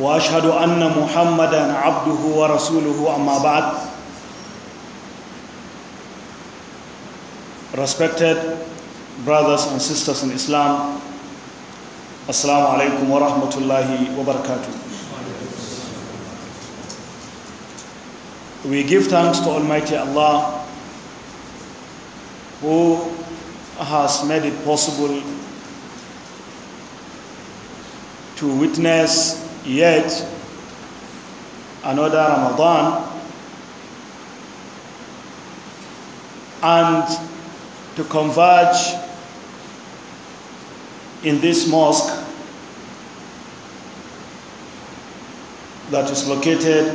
واشهد ان محمدا عبده ورسوله اما بعد respected brothers and sisters in islam assalamu alaikum wa rahmatullahi wa barakatuh we give thanks to almighty allah who has made it possible to witness Yet, another Ramadan, and to converge in this mosque that is located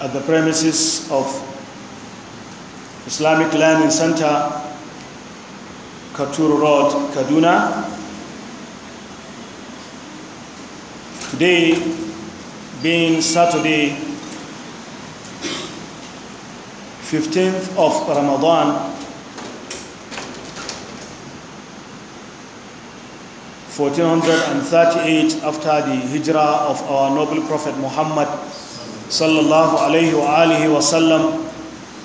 at the premises of Islamic Learning Center, Katuru Road, Kaduna, Today, being Saturday, 15th of Ramadan, 1438 after the hijrah of our noble prophet Muhammad sallallahu alayhi wa sallam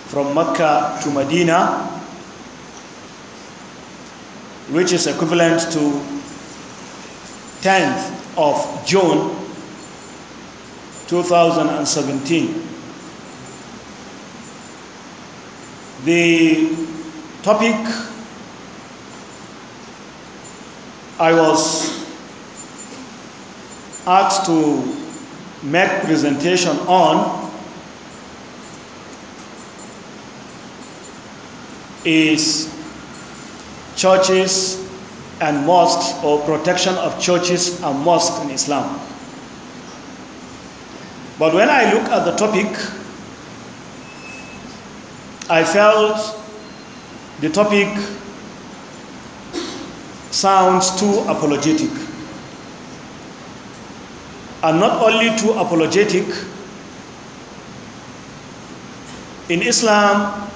from Mecca to Medina which is equivalent to 10th of June 2017. The topic I was asked to make presentation on is churches and mosques or protection of churches and mosques in Islam. But when I look at the topic, I felt the topic sounds too apologetic. And not only too apologetic, in Islam,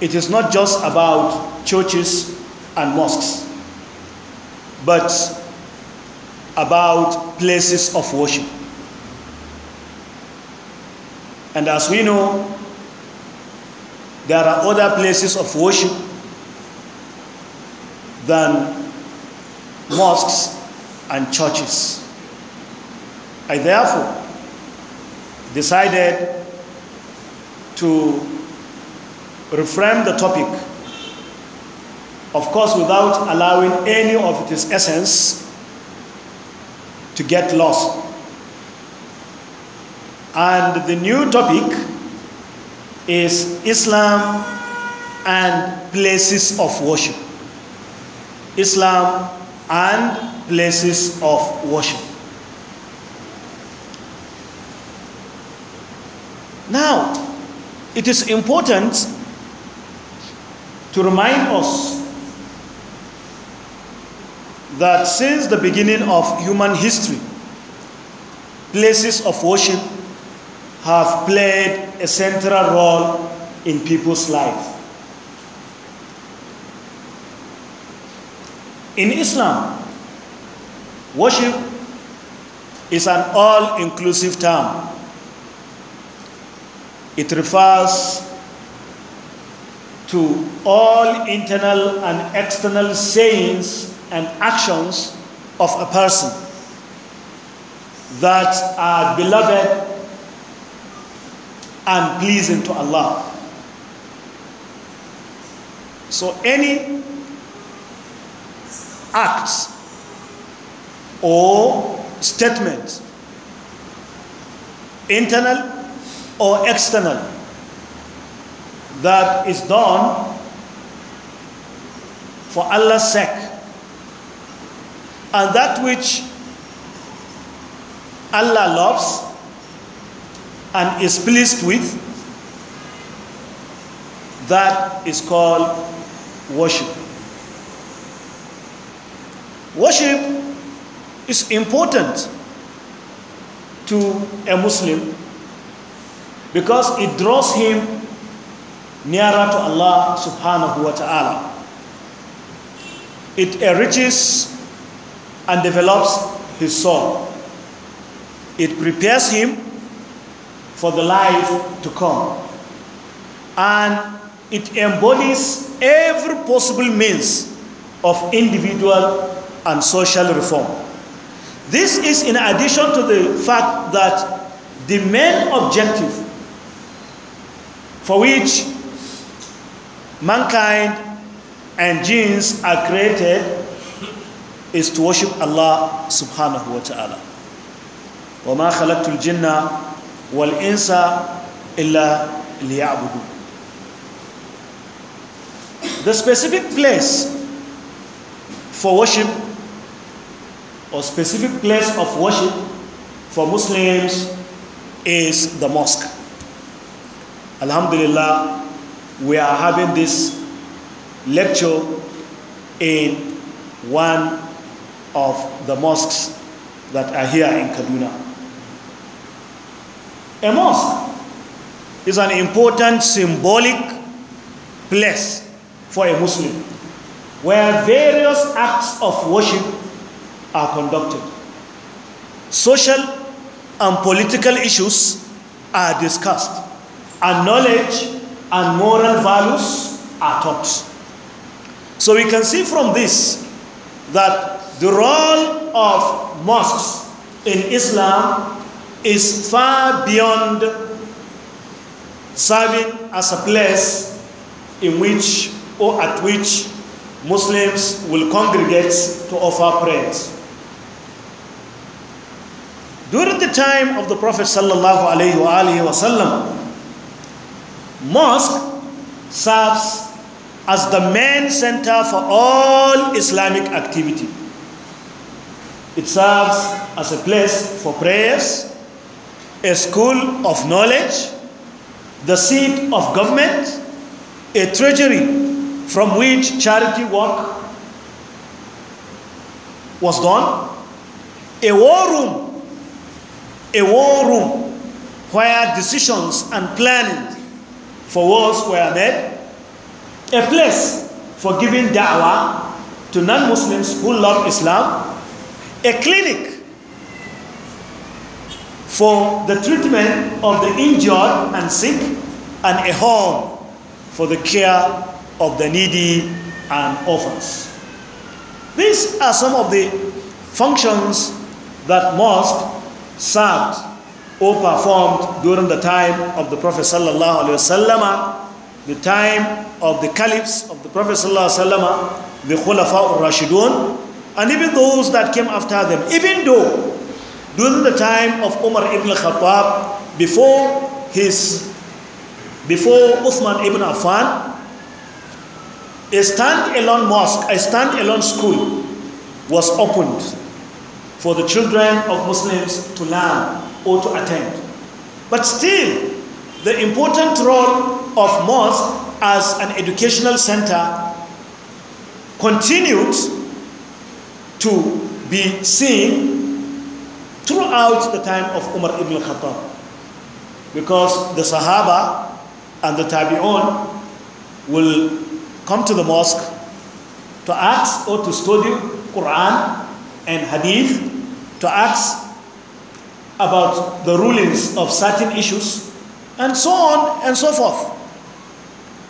it is not just about churches and mosques, but about places of worship. And as we know, there are other places of worship than mosques and churches. I therefore decided to reframe the topic of course, without allowing any of its essence to get lost. And the new topic is Islam and places of worship. Islam and places of worship. Now, it is important to remind us that since the beginning of human history, places of worship have played a central role in people's lives. In Islam, worship is an all inclusive term. It refers to all internal and external sayings and actions of a person that are beloved and pleasing to Allah. So any act or statement, internal or external, that is done for Allah's sake and that which Allah loves and is pleased with, that is called worship. Worship is important to a Muslim because it draws him nearer to Allah subhanahu wa ta'ala. It enriches and develops his soul. It prepares him for the life to come. And it embodies every possible means of individual and social reform. This is in addition to the fact that the main objective for which mankind and genes are created is to worship Allah subhanahu wa ta'ala. وَمَا خَلَقْتُ الْجِنَّ وَالْإِنسَ إِلَّا لِيَعْبُدُونَ The specific place for worship or specific place of worship for Muslims is the mosque. Alhamdulillah, we are having this lecture in one of the mosques that are here in Kaduna. A mosque is an important symbolic place for a Muslim where various acts of worship are conducted. Social and political issues are discussed, and knowledge and moral values are taught. So we can see from this that the role of mosques in Islam is far beyond serving as a place in which or at which Muslims will congregate to offer prayers. During the time of the Prophet sallallahu alaihi wasallam, mosque serves as the main center for all Islamic activity. It serves as a place for prayers, a school of knowledge, the seat of government, a treasury from which charity work was done, a war room, a war room where decisions and planning for wars were made, a place for giving da'wah to non Muslims who love Islam a clinic for the treatment of the injured and sick, and a home for the care of the needy and orphans. These are some of the functions that mosque served or performed during the time of the Prophet sallallahu alaihi wasallam, the time of the caliphs of the Prophet sallallahu alaihi wasallam, the Khulafa al-Rashidun, and even those that came after them, even though during the time of Umar ibn Khattab, before his before Uthman ibn Affan, a stand-alone mosque, a stand-alone school was opened for the children of Muslims to learn or to attend. But still, the important role of mosque as an educational center continued to be seen throughout the time of Umar ibn Khattab. Because the Sahaba and the Tabi'un will come to the mosque to ask or to study Quran and Hadith, to ask about the rulings of certain issues, and so on and so forth.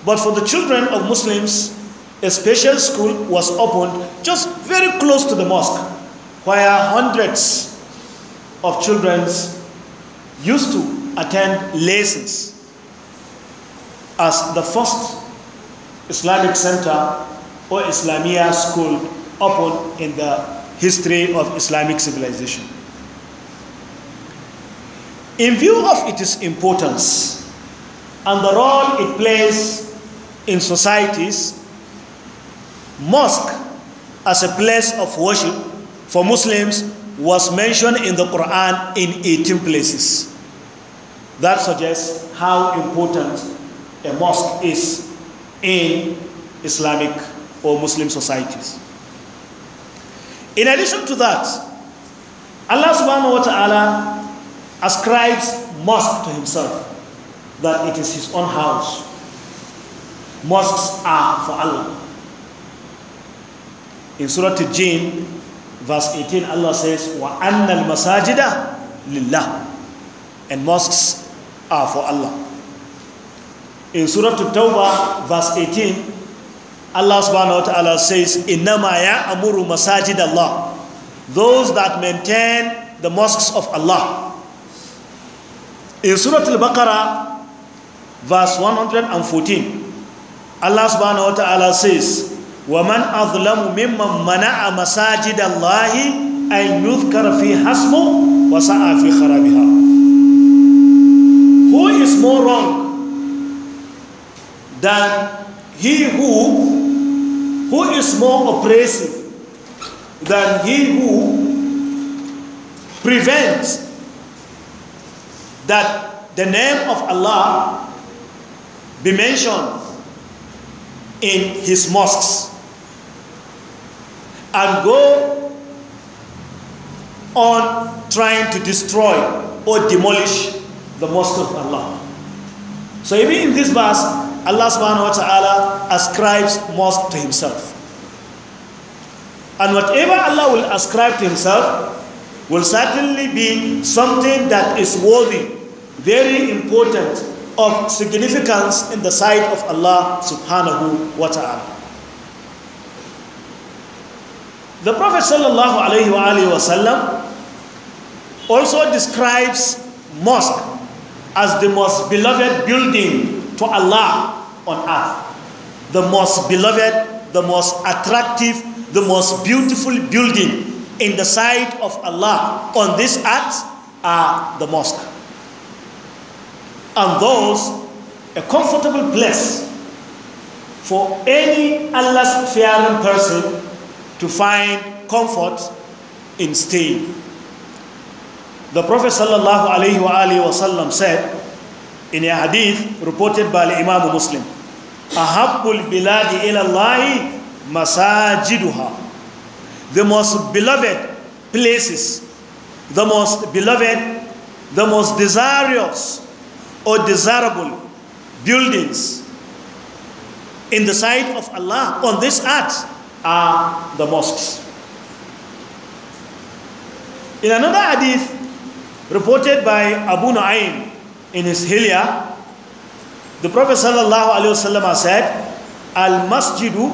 But for the children of Muslims, a special school was opened just very close to the mosque where hundreds of children used to attend lessons as the first Islamic center or Islamia school opened in the history of Islamic civilization. In view of its importance and the role it plays in societies Mosque as a place of worship for Muslims was mentioned in the Quran in 18 places. That suggests how important a mosque is in Islamic or Muslim societies. In addition to that, Allah subhanahu wa ta'ala ascribes mosque to himself, that it is his own house. Mosques are for Allah. in Surah Jin, verse 18, Allah says, Wa annal masajida lillah. And mosques are for Allah. In Surah Tawbah, verse 18, Allah subhanahu wa ta'ala says, Innama ya amuru masajid Allah. Those that maintain the mosques of Allah. In Surah Al-Baqarah, verse 114, Allah subhanahu wa ta'ala says, ومن أظلم ممن منع مساجد الله أن يذكر في حسمه وسعى في خرابها Who is more wrong than he who who is more oppressive than he who prevents that the name of Allah be mentioned in his mosques and go on trying to destroy or demolish the mosque of Allah. So even in this verse, Allah subhanahu wa ta'ala ascribes mosque to himself. And whatever Allah will ascribe to himself will certainly be something that is worthy, very important, of significance in the sight of Allah subhanahu wa ta'ala. The Prophet wasallam also describes mosque as the most beloved building to Allah on earth. The most beloved, the most attractive, the most beautiful building in the sight of Allah on this earth are the mosque. And those, a comfortable place for any Allah's fearing person to find comfort in staying. The Prophet ﷺ said in a hadith reported by Imam Muslim, Ahabbul biladi ilallahi masajiduha. The most beloved places, the most beloved, the most desirous or desirable buildings in the sight of Allah on this earth are the mosques. In another hadith reported by Abu Nu'aym in his Hilya, the Prophet sallallahu said, Al Masjidu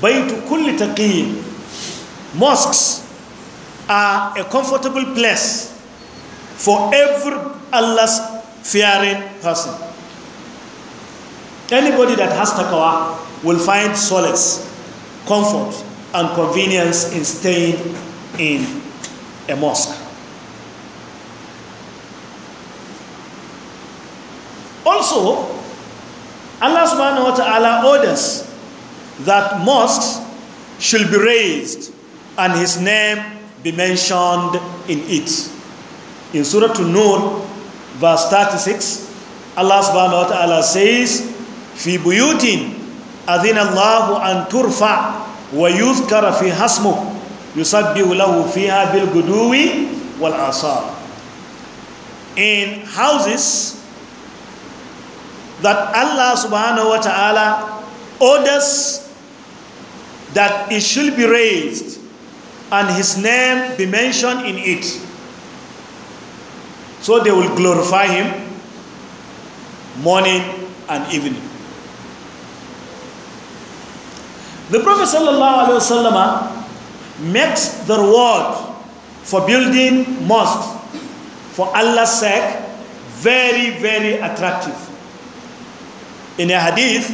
Baytu Kulli Taqeen. Mosques are a comfortable place for every Allah's fearing person. Anybody that has taqwa will find solace comfort and convenience in staying in a mosque. Also, Allah subhanahu wa ta'ala orders that mosques should be raised and his name be mentioned in it. In Surah An-Nur, verse 36, Allah subhanahu wa ta'ala says, في بيوتٍ أذن الله أن ترفع ويذكر في حسمه يسبح له فيها بالغدو والآصال In houses that Allah subhanahu wa ta'ala orders that it should be raised and his name be mentioned in it. So they will glorify him morning and evening. The Prophet ﷺ makes the reward for building mosques for Allah's sake very, very attractive. In a hadith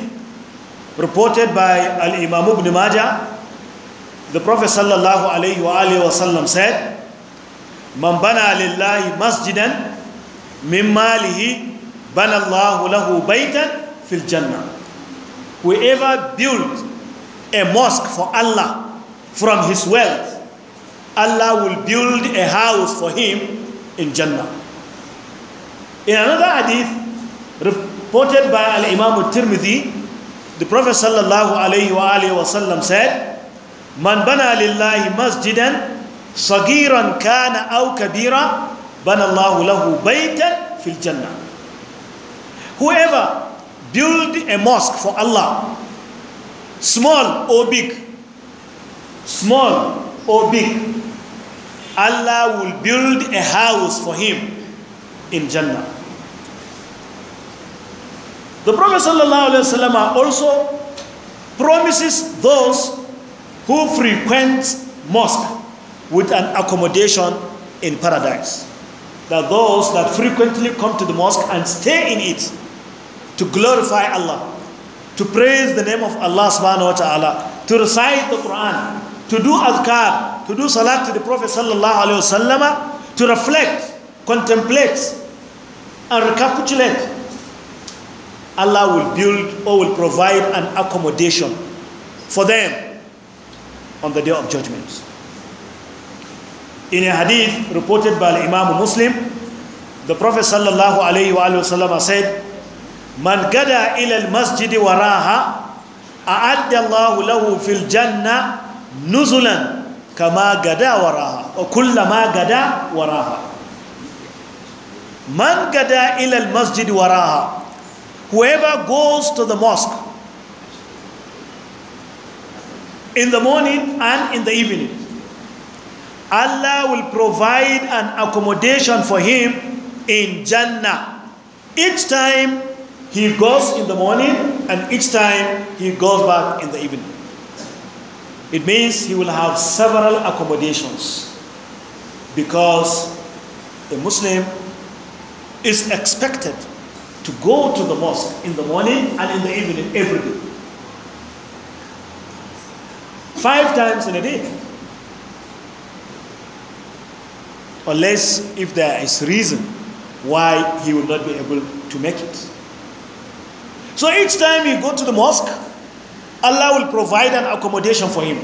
reported by Al Imam ibn Majah, the Prophet ﷺ said, Man bana lillahi masjidan mimma malihi bana Allahu lahu baytan fil jannah. Whoever builds a mosque for Allah from his wealth, Allah will build a house for him in Jannah. In another hadith reported by Al Imam al Tirmidhi, the Prophet sallallahu alayhi wa sallam said, Man bana lillahi masjidan sagiran kana aw kabira bana Allahu lahu baytan fil Jannah. Whoever build a mosque for Allah, small or big small or big allah will build a house for him in jannah the prophet ﷺ also promises those who frequent mosque with an accommodation in paradise that those that frequently come to the mosque and stay in it to glorify allah to praise the name of Allah subhanahu wa ta'ala, to recite the Quran, to do azkar, to do salat to the Prophet sallallahu alayhi wasallam, to reflect, contemplate, and recapitulate. Allah will build or will provide an accommodation for them on the day of judgment. In a hadith reported by Imam Muslim, the Prophet sallallahu alayhi wa sallam said, من قدى إلى المسجد وراها أعد الله له في الجنة نزلا كما قدى وراها وكل ما قدى وراها من قدى إلى المسجد وراها whoever goes to the mosque in the morning and in the evening Allah will provide an accommodation for him in Jannah each time He goes in the morning and each time he goes back in the evening. It means he will have several accommodations because a Muslim is expected to go to the mosque in the morning and in the evening every day. Five times in a day. Unless if there is reason why he will not be able to make it. So each time you go to the mosque, Allah will provide an accommodation for him,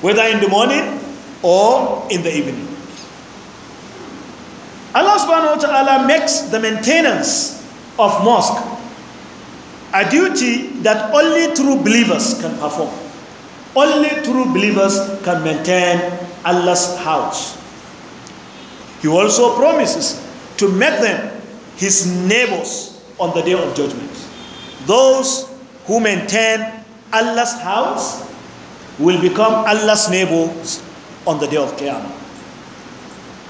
whether in the morning or in the evening. Allah subhanahu wa ta'ala makes the maintenance of mosque a duty that only true believers can perform. Only true believers can maintain Allah's house. He also promises to make them his neighbors on the day of judgment. Those who maintain Allah's house will become Allah's neighbors on the day of Qiyamah.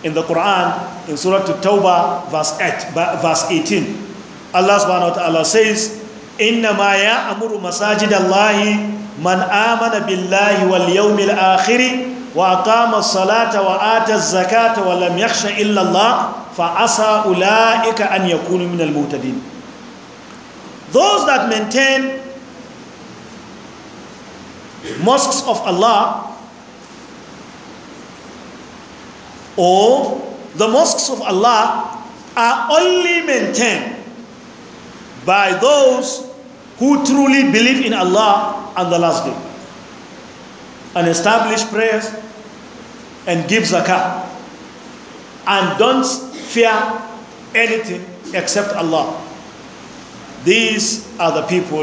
In the Quran, in Surah Tawbah, verse, 8, verse 18, Allah subhanahu wa ta'ala says, إنما يأمر مساجد الله من آمن بالله واليوم wa وأقام الصلاة وآتى الزكاة ولم يخش إلا الله فعسى ula'ika an yakunu minal المهتدين Those that maintain mosques of Allah or the mosques of Allah are only maintained by those who truly believe in Allah and the last day and establish prayers and give zakah and don't fear anything except Allah. These are the people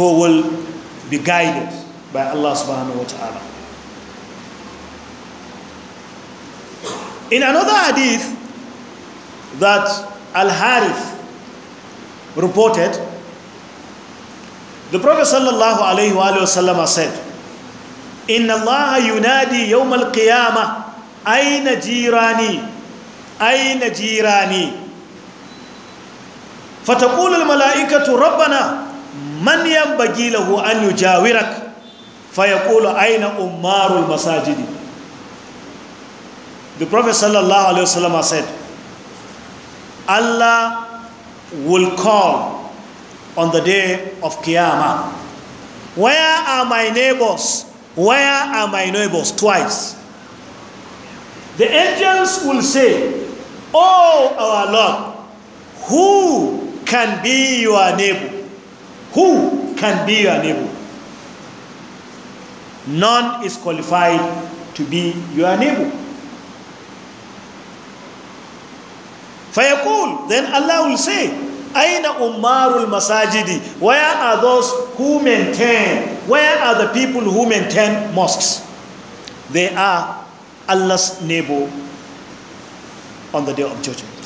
who will be guided by Allah subhanahu wa ta'ala. In another hadith that Al Harith reported, the Prophet sallallahu alayhi wa said, إن الله ينادي يوم القيامة أين جيراني أين جيراني فتقول الملائكة ربنا من ينبغي له أن يجاورك فيقول أين أمار المساجد The Prophet sallallahu alayhi wasallam said Allah will call on the day of Qiyamah Where are my neighbors? Where are my neighbors? Twice The angels will say Oh our Lord who can be your neighbor? Who can be your neighbor? None is qualified to be your neighbor. Fayaqul, then Allah will say, Aina umarul masajidi, where are those who maintain, where are the people who maintain mosques? They are Allah's neighbor on the day of judgment.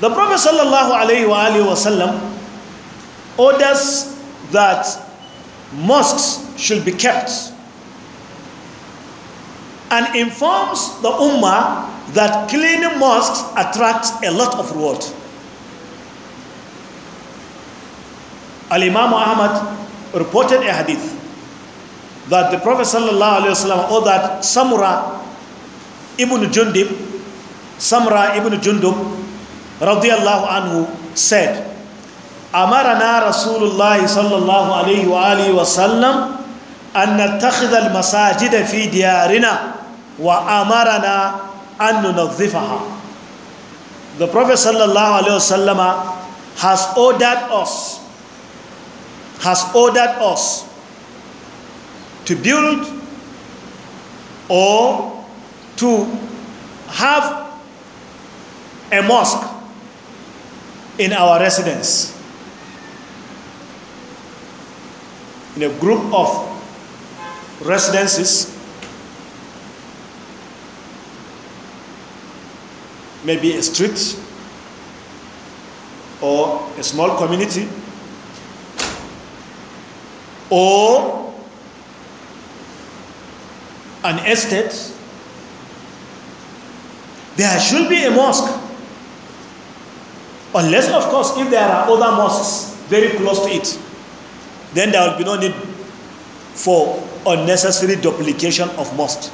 The Prophet wasallam orders that mosques should be kept and informs the Ummah that cleaning mosques attracts a lot of reward. Al Imam Ahmad reported a hadith that the Prophet ﷺ or that Samura ibn Jundib, Samura ibn Jundub, radiyallahu anhu said amarana rasulullahi sallallahu alaihi wa alihi wa sallam an nattakhidha al-masajida fi diyarina wa amarana an nunadhifaha the prophet sallallahu alaihi wasallama has ordered us has ordered us to build or to have a mosque in our residence. In a group of residences, maybe a street or a small community or an estate, there should be a mosque Unless, of course, if there are other mosques very close to it, then there will be no need for unnecessary duplication of mosques.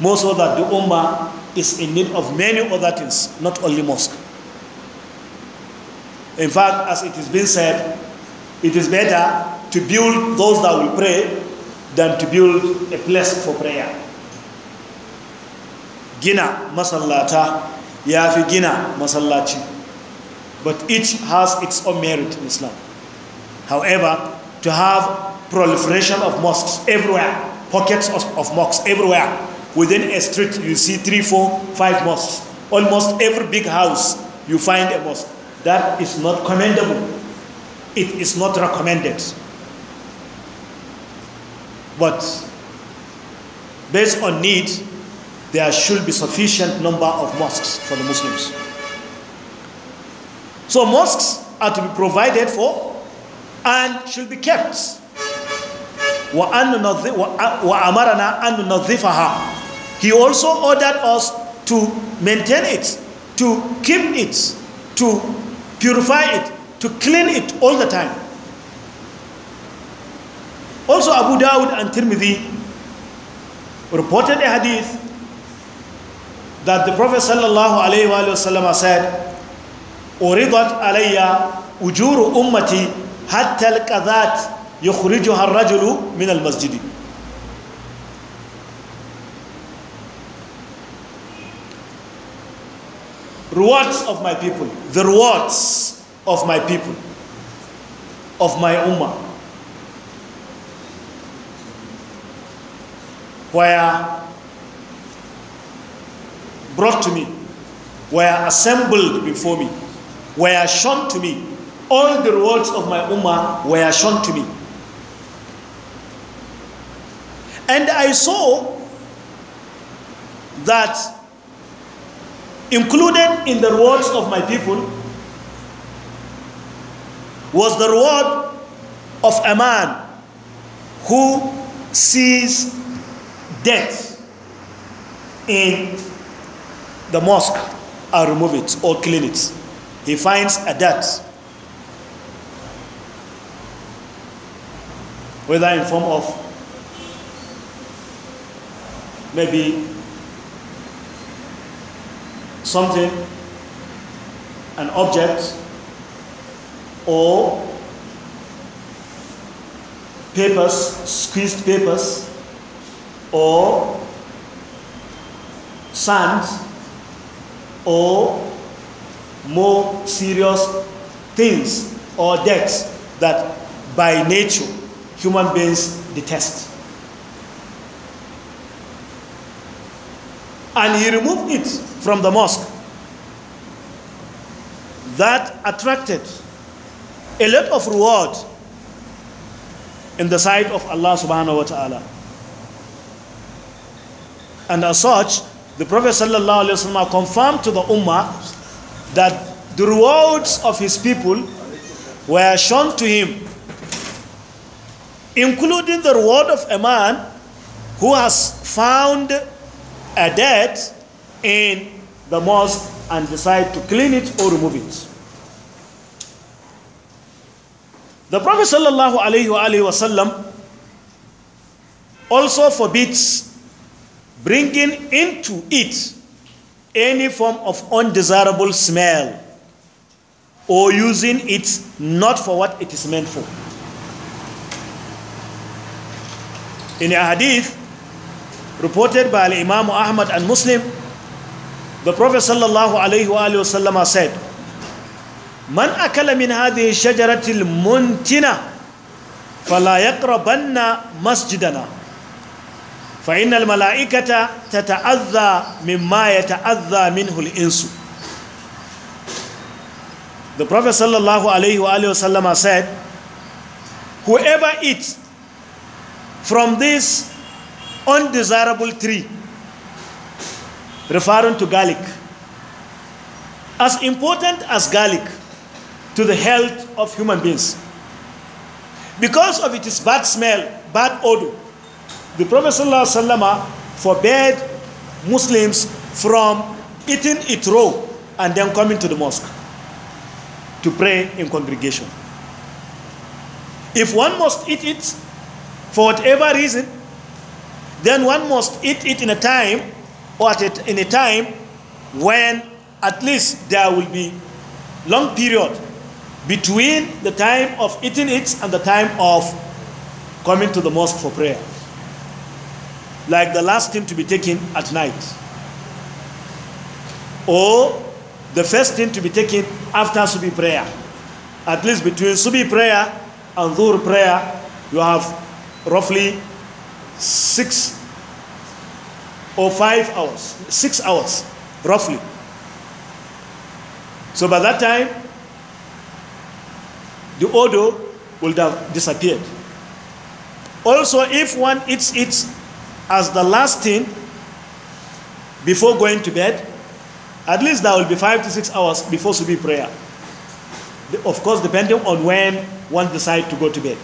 More so that the Ummah is in need of many other things, not only mosque. In fact, as it is being said, it is better to build those that will pray than to build a place for prayer. Gina masallata ya fi gina masallaci. But each has its own merit in Islam. However, to have proliferation of mosques everywhere, pockets of, of mosques everywhere, within a street you see three, four, five mosques. Almost every big house you find a mosque. That is not commendable. It is not recommended. But based on need, there should be sufficient number of mosques for the Muslims. So mosques are to be provided for and should be kept. He also ordered us to maintain it, to keep it, to purify it, to clean it all the time. Also, Abu Dawud and Tirmidhi reported a hadith that the Prophet ﷺ said, أريضت علي أجور أمتي حتى القذات يخرجها الرجل من المسجد rewards of my people the rewards of my people of my ummah were brought to me were assembled before me were shown to me. All the rewards of my Ummah were shown to me. And I saw that included in the rewards of my people was the reward of a man who sees death in the mosque and remove it or clean it he finds a dirt. Whether in form of maybe something, an object, or papers, squeezed papers, or sand, or more serious things or deaths that by nature human beings detest. And he removed it from the mosque. That attracted a lot of reward in the sight of Allah subhanahu wa ta'ala. And as such, the Prophet Wasallam confirmed to the Ummah that the rewards of his people were shown to him, including the reward of a man who has found a debt in the mosque and decide to clean it or remove it. The Prophet ﷺ also forbids bringing into it any form of undesirable smell or using it not for what it is meant for. In a hadith reported by Imam Ahmad and Muslim, the Prophet sallallahu alaihi wasallam said, "Man akala min hadhihi shajaratil muntina fala yaqrabanna masjidana." fa mala'ikata ta tata'azza mimma yata'azza minhu min hul'insu. The Prophet sallallahu alayhi wa sallam said whoever eats from this undesirable tree referring to garlic as important as garlic to the health of human beings because of its bad smell bad odor the Prophet ﷺ forbade Muslims from eating it raw and then coming to the mosque to pray in congregation. If one must eat it for whatever reason, then one must eat it in a time or at a, in a time when at least there will be long period between the time of eating it and the time of coming to the mosque for prayer like the last thing to be taken at night or the first thing to be taken after Subi prayer. At least between Subi prayer and Dhuhr prayer, you have roughly six or five hours, six hours, roughly. So by that time, the odor will have disappeared. Also, if one eats it as the last thing before going to bed, at least there will be five to six hours before Subi prayer. Of course, depending on when one decides to go to bed.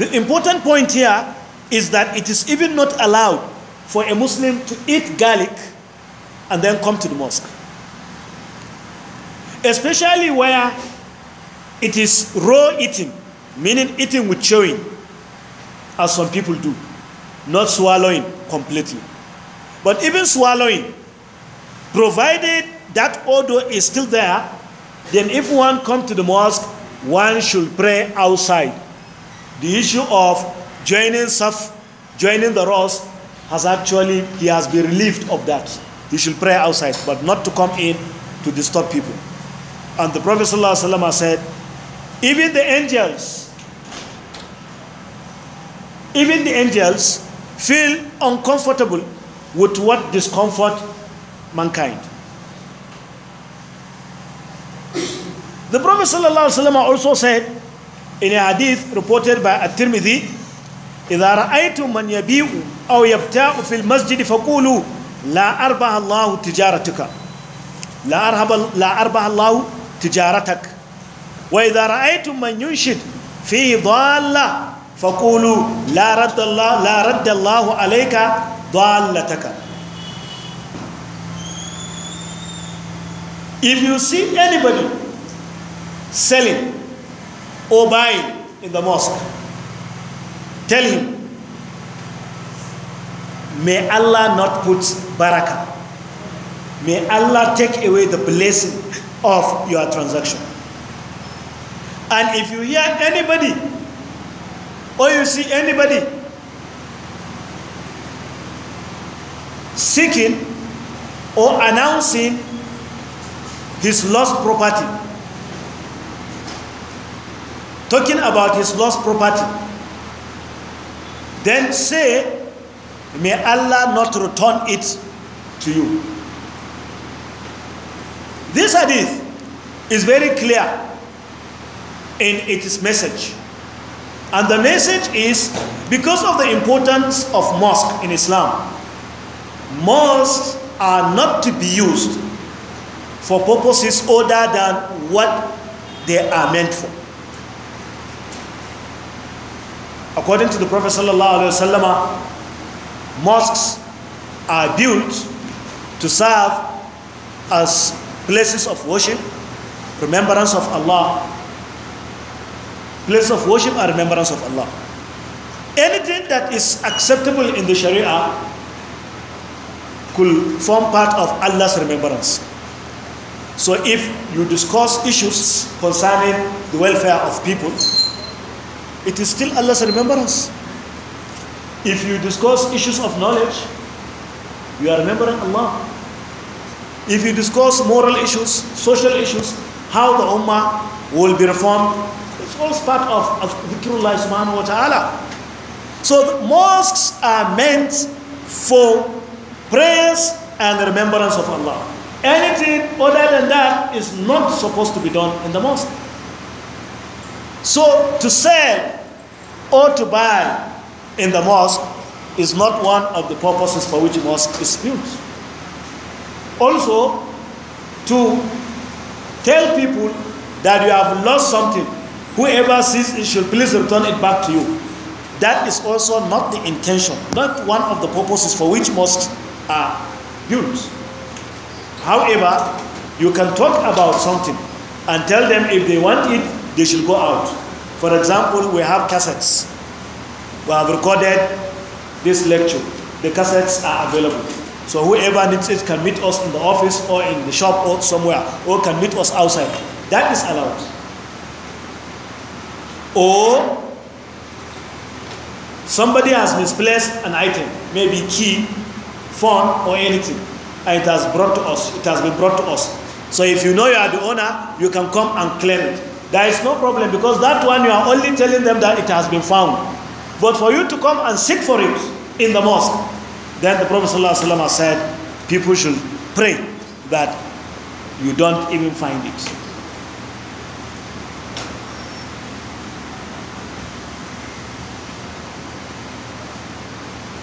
The important point here is that it is even not allowed for a Muslim to eat garlic and then come to the mosque. Especially where it is raw eating, meaning eating with chewing as some people do, not swallowing completely. But even swallowing, provided that odor is still there, then if one comes to the mosque, one should pray outside. The issue of joining saf, joining the rows, has actually he has been relieved of that. He should pray outside, but not to come in to disturb people. And the Prophet ﷺ said, even the angels even the angels feel uncomfortable with what discomfort mankind. The Prophet sallallahu also said in a hadith reported by At-Tirmidhi, "Idha ra'aytum man yabi'u aw yabta'u fil masjid faqulu la arbaha Allah tijaratuka." La arhaba la arbaha Allah tijaratak. وإذا رأيتم من ينشد في faƙulu laraddallahu alaika dalataka if you see anybody selling or buying in the mosque tell him may allah not put baraka May Allah take away the blessing of your transaction. And if you hear anybody or you see anybody seeking or announcing his lost property, talking about his lost property, then say, May Allah not return it to you. This hadith is very clear in its message. And the message is because of the importance of mosque in Islam, mosques are not to be used for purposes other than what they are meant for. According to the Prophet wasallam, mosques are built to serve as places of worship, remembrance of Allah, place of worship and remembrance of Allah. Anything that is acceptable in the Sharia could form part of Allah's remembrance. So if you discuss issues concerning the welfare of people, it is still Allah's remembrance. If you discuss issues of knowledge, you are remembering Allah. If you discuss moral issues, social issues, how the Ummah will be reformed, it's all part of, of dhikrullah subhanahu wa ta'ala. So mosques are meant for prayers and the remembrance of Allah. Anything other than that is not supposed to be done in the mosque. So to sell or to buy in the mosque is not one of the purposes for which the mosque is built. Also, to tell people that you have lost something Whoever sees it should please return it back to you. That is also not the intention, not one of the purposes for which mosques are built. However, you can talk about something and tell them if they want it, they should go out. For example, we have cassettes. We have recorded this lecture. The cassettes are available. So whoever needs it can meet us in the office or in the shop or somewhere or can meet us outside. That is allowed or somebody has misplaced an item maybe key phone or anything and it has brought to us it has been brought to us so if you know you are the owner you can come and claim it there is no problem because that one you are only telling them that it has been found but for you to come and seek for it in the mosque then the prophet ﷺ said people should pray that you don't even find it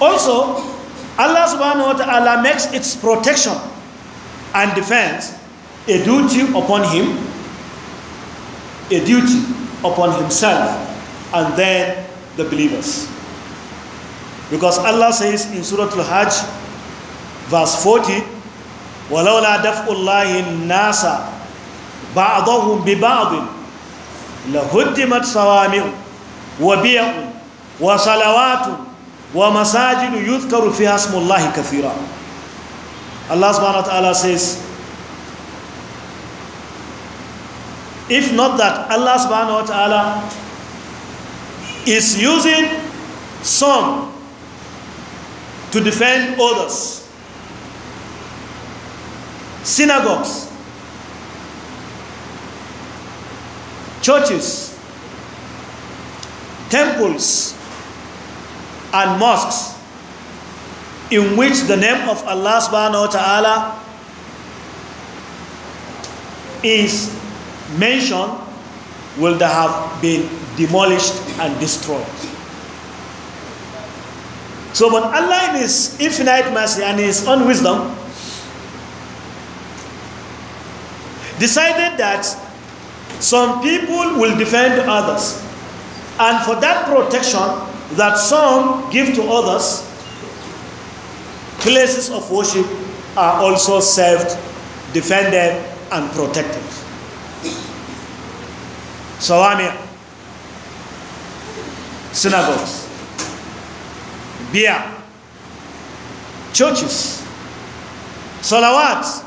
Also, Allah subhanahu wa ta'ala makes its protection and defense a duty upon him, a duty upon himself, and then the believers. Because Allah says in Surah Al Hajj, verse 40, ولولا دفع الله الناس بعضهم ببعض لهدمت صوامع وبيع وصلوات ومساجد يذكر فيها اسم الله كثيرا Allah subhanahu wa ta'ala says if not that Allah subhanahu wa ta'ala is using some to defend others synagogues churches temples and mosques in which the name of Allah subhanahu wa ta'ala is mentioned will they have been demolished and destroyed. So, but Allah in His infinite mercy and His own wisdom decided that some people will defend others. And for that protection, that some give to others, places of worship are also served, defended, and protected. Salamia, synagogues, beer, churches, salawats,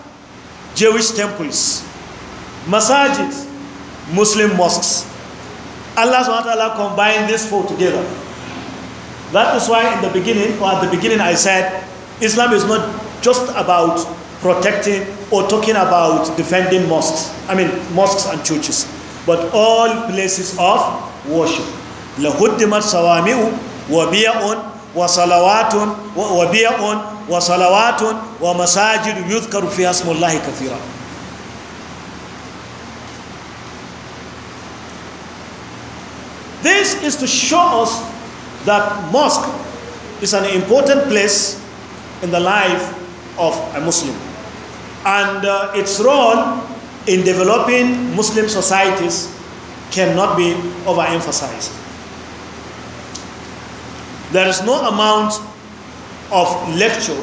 Jewish temples, masajids, Muslim mosques. Allah subhanahu wa ta'ala combined these four together. That is why in the beginning, or at the beginning, I said Islam is not just about protecting or talking about defending mosques, I mean, mosques and churches, but all places of worship. لهدمت صوامع وبيع وصلوات وبيع وصلوات ومساجد يذكر فيها اسم الله كثيرا This is to show us that mosque is an important place in the life of a Muslim. And uh, its role in developing Muslim societies cannot be overemphasized. There is no amount of lecture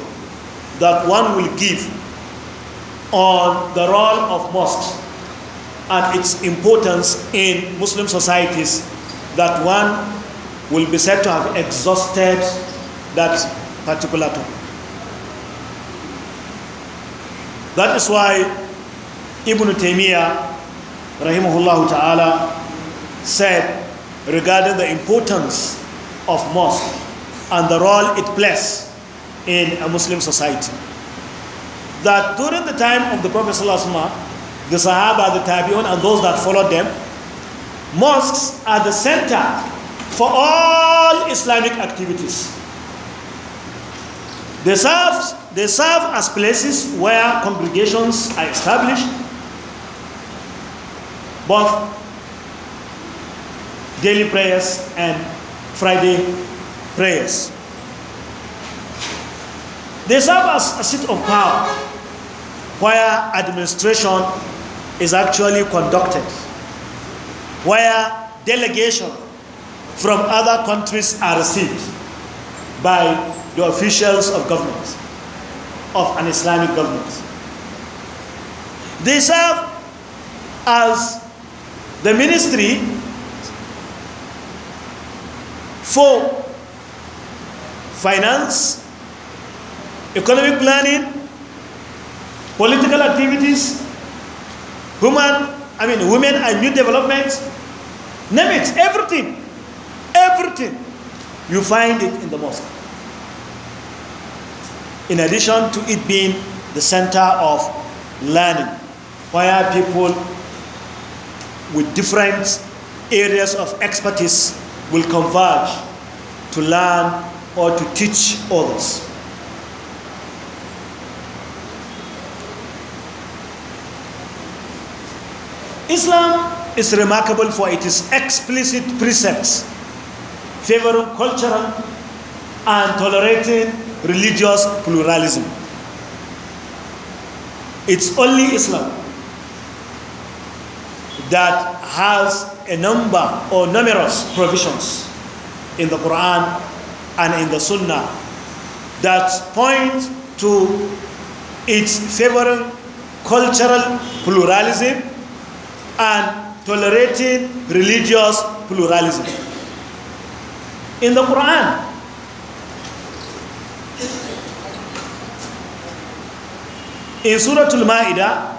that one will give on the role of mosques and its importance in Muslim societies that one will be said to have exhausted that particular topic. That is why Ibn Taymiyyah, rahimahullah ta'ala, said regarding the importance of mosque and the role it plays in a Muslim society. That during the time of the Prophet the Sahaba, the Tabi'un, and those that followed them, mosques are the center for all Islamic activities. They serve, they serve as places where congregations are established, both daily prayers and Friday prayers. They serve as a seat of power where administration is actually conducted, where delegation from other countries are received by the officials of government, of an Islamic government. They serve as the ministry for finance, economic planning, political activities, human, I mean, women and new development, name it, everything everything, you find it in the mosque. In addition to it being the center of learning, where people with different areas of expertise will converge to learn or to teach others. Islam is remarkable for its explicit precepts favoring cultural and tolerating religious pluralism. It's only Islam that has a number or numerous provisions in the Quran and in the Sunnah that point to its favoring cultural pluralism and tolerating religious pluralism. in the Quran. In Surah Al Ma'idah,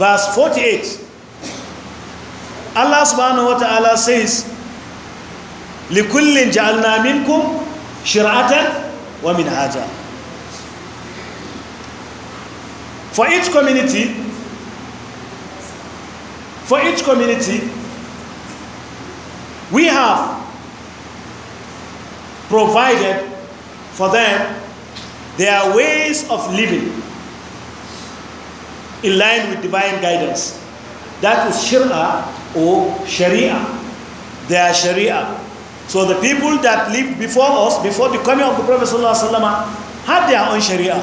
verse 48, Allah subhanahu wa ta'ala says, لِكُلِّنْ جَعَلْنَا مِنْكُمْ شِرْعَةً وَمِنْ وَمِنْهَاجًا For each community, for each community, we have provided for them their ways of living in line with divine guidance. That is Sharia or Sharia. They are Sharia. So the people that lived before us, before the coming of the Prophet ﷺ, had their own Sharia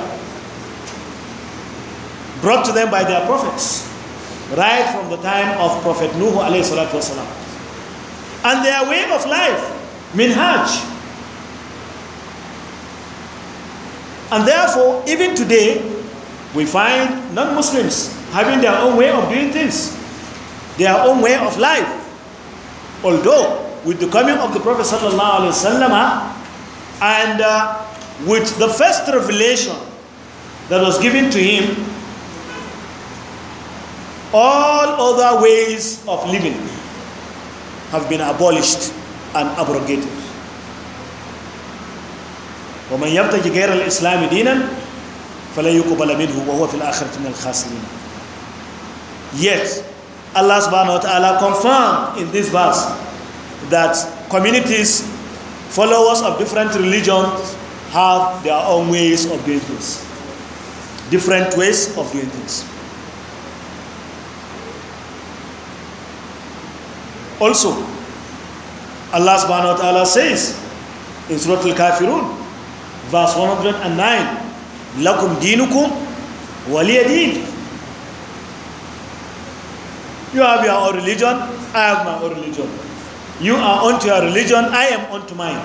brought to them by their prophets right from the time of Prophet Nuh والسلام, and their way of life, minhaj, And therefore, even today, we find non Muslims having their own way of doing things, their own way of life. Although, with the coming of the Prophet وسلم, and uh, with the first revelation that was given to him, all other ways of living have been abolished and abrogated. ومن يبتغي غير الإسلام دينا فلن يقبل منه وهو في الآخرة من الخاسرين yet Allah subhanahu wa ta'ala confirmed in this verse that communities followers of different religions have their own ways of doing things different ways of doing things also Allah subhanahu wa ta'ala says in Surah Al-Kafirun verse 109 lakum dinukum waliya din you have your own religion i have my own religion you are onto your religion i am onto mine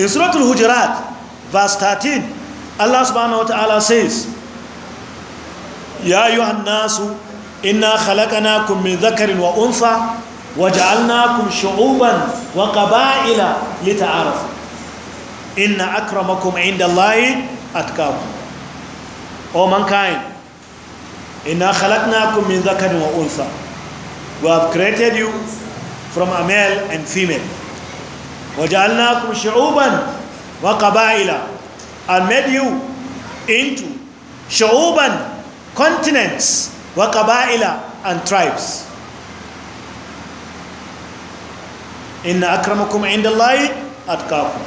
in surah al verse 13 allah subhanahu wa ta'ala says ya ayuha an-nasu inna khalaqnakum min dhakarin wa untha waja'alnakum shu'uban wa qaba'ila lita'arafu inna akramakum indallahi atqakum o mankind inna khalaqnakum min dhakarin wa untha we have created you from a male and female waja'alnakum shu'uban wa qaba'ila and made you into shu'uban continents wa and tribes إن أكرمكم عند الله أتقاكم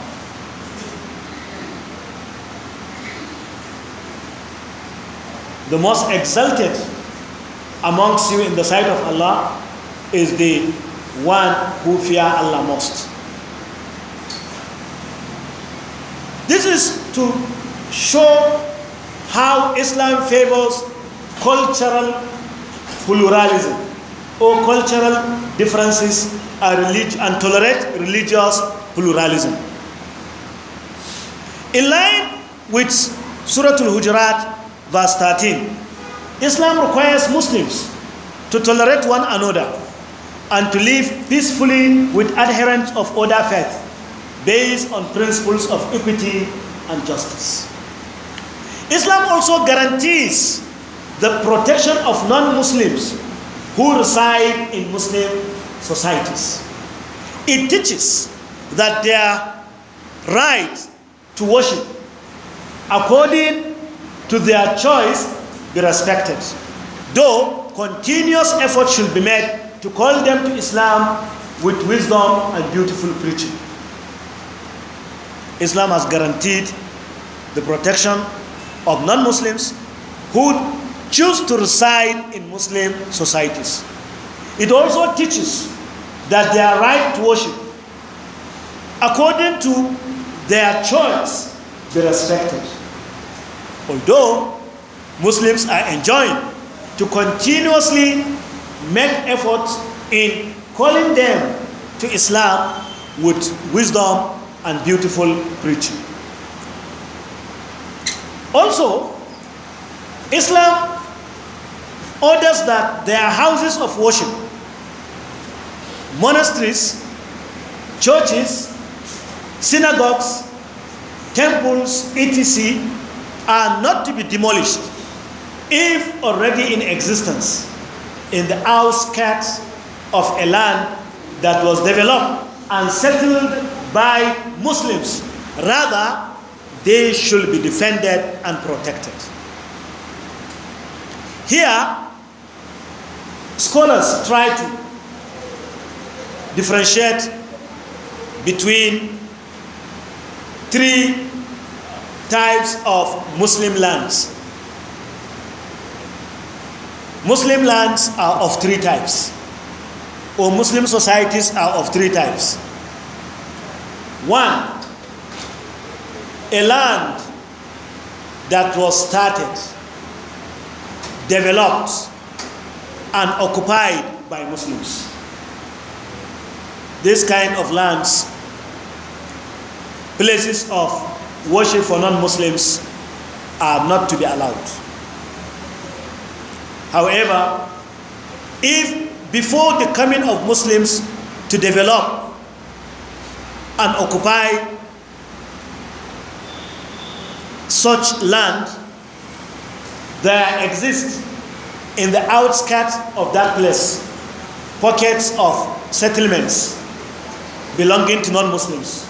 The most exalted amongst you in the sight of Allah is the one who fear Allah most. This is to show how Islam favors cultural pluralism or cultural differences and tolerate religious pluralism. In line with Surah Al-Hujurat, verse 13, Islam requires Muslims to tolerate one another and to live peacefully with adherents of other faiths based on principles of equity and justice. Islam also guarantees the protection of non-Muslims who reside in Muslim societies. It teaches that their right to worship according to their choice be respected. Though continuous effort should be made to call them to Islam with wisdom and beautiful preaching. Islam has guaranteed the protection of non Muslims who choose to reside in Muslim societies. It also teaches that they are right to worship, according to their choice, be respected. Although Muslims are enjoined to continuously make efforts in calling them to Islam with wisdom and beautiful preaching. Also, Islam orders that there are houses of worship, monasteries, churches, synagogues, temples, etc., are not to be demolished if already in existence in the outskirts of a land that was developed and settled by Muslims. Rather, they should be defended and protected. Here, Scholars try to differentiate between three types of Muslim lands. Muslim lands are of three types, or Muslim societies are of three types. One, a land that was started, developed, and occupied by Muslims. This kind of lands, places of worship for non Muslims, are not to be allowed. However, if before the coming of Muslims to develop and occupy such land, there exists in the outskirts of that place, pockets of settlements belonging to non Muslims.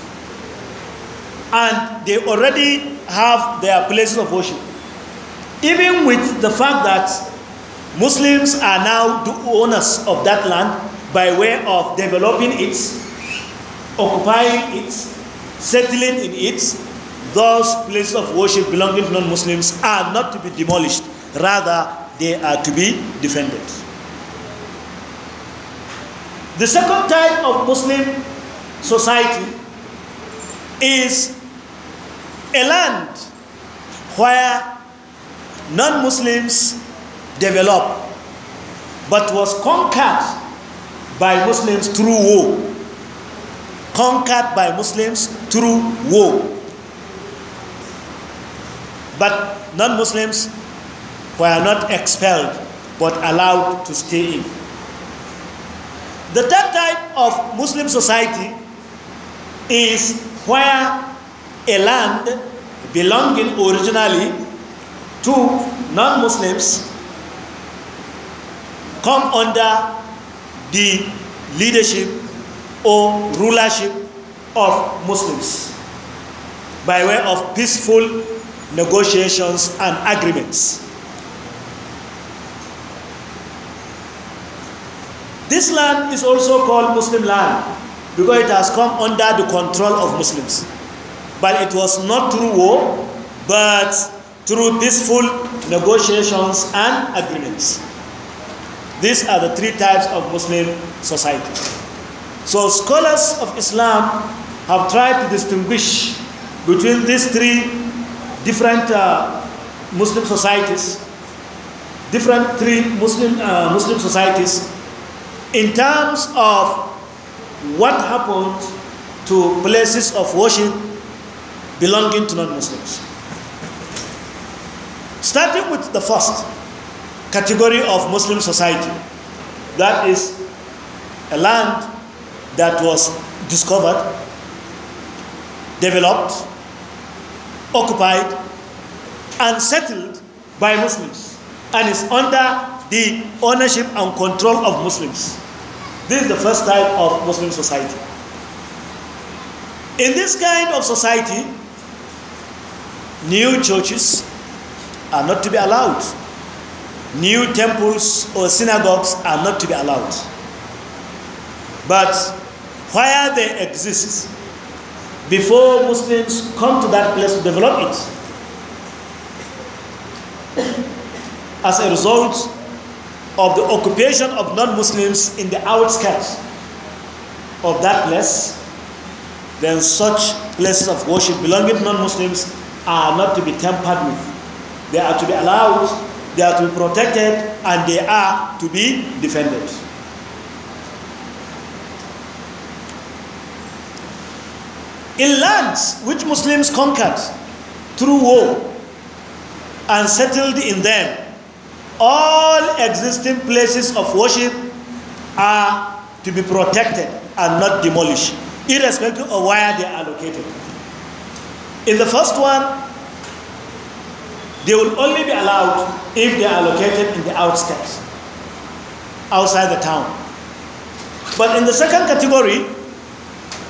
And they already have their places of worship. Even with the fact that Muslims are now the owners of that land by way of developing it, occupying it, settling in it, those places of worship belonging to non Muslims are not to be demolished. Rather, they are to be defended. The second type of Muslim society is a land where non Muslims develop but was conquered by Muslims through war. Conquered by Muslims through war. But non Muslims were not expelled but allowed to stay in. The third type of Muslim society is where a land belonging originally to non Muslims come under the leadership or rulership of Muslims by way of peaceful negotiations and agreements. This land is also called Muslim land because it has come under the control of Muslims. But it was not through war, but through peaceful negotiations and agreements. These are the three types of Muslim society. So scholars of Islam have tried to distinguish between these three different uh, Muslim societies, different three Muslim, uh, Muslim societies in terms of what happened to places of worship belonging to non-Muslims. Starting with the first category of Muslim society, that is a land that was discovered, developed, occupied, and settled by Muslims and is under the ownership and control of Muslims. This is the first type of Muslim society. In this kind of society, new churches are not to be allowed. New temples or synagogues are not to be allowed. But where they exist, before Muslims come to that place to develop it, as a result, of the occupation of non Muslims in the outskirts of that place, then such places of worship belonging to non Muslims are not to be tampered with. They are to be allowed, they are to be protected, and they are to be defended. In lands which Muslims conquered through war and settled in them, all existing places of worship are to be protected and not demolished, irrespective of where they are located. In the first one, they will only be allowed if they are located in the outskirts, outside the town. But in the second category,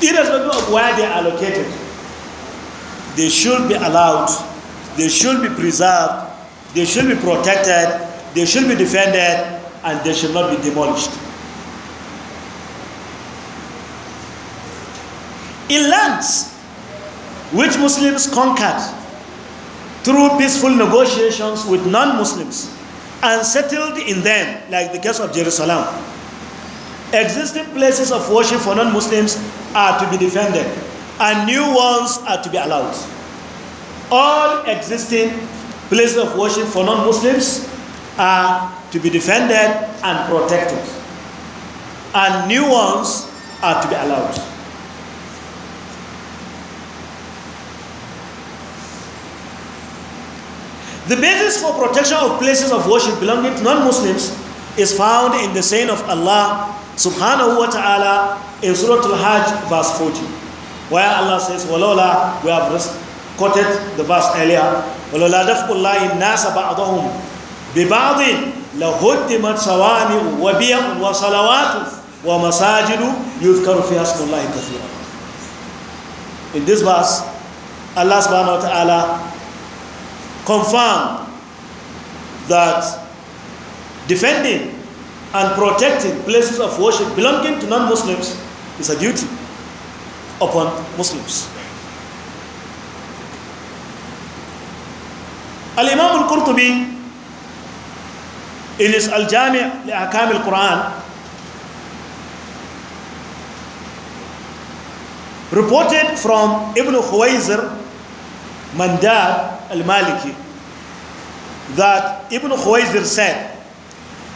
irrespective of where they are located, they should be allowed, they should be preserved, they should be protected they should be defended and they should not be demolished. In lands which Muslims conquered through peaceful negotiations with non Muslims and settled in them, like the case of Jerusalem, existing places of worship for non Muslims are to be defended and new ones are to be allowed. All existing places of worship for non Muslims are to be defended and protected, and new ones are to be allowed. The basis for protection of places of worship belonging to non Muslims is found in the saying of Allah subhanahu wa ta'ala in Surah Al Hajj, verse 40, where Allah says, Walola, we have quoted the verse earlier, Walola dafkullahi nasa ba'adahum ببعض لهدمت صوامع وبيع وصلوات ومساجد يذكر فيها اسم الله كثيرا In this verse, Allah subhanahu wa ta'ala confirmed that defending and protecting places of worship belonging to non-Muslims is a duty upon Muslims. Al-Imam al-Qurtubi ilis aljami da akamil ƙura'an reported from ibn huwaizir mandar al-maliki that ibn huwaizir said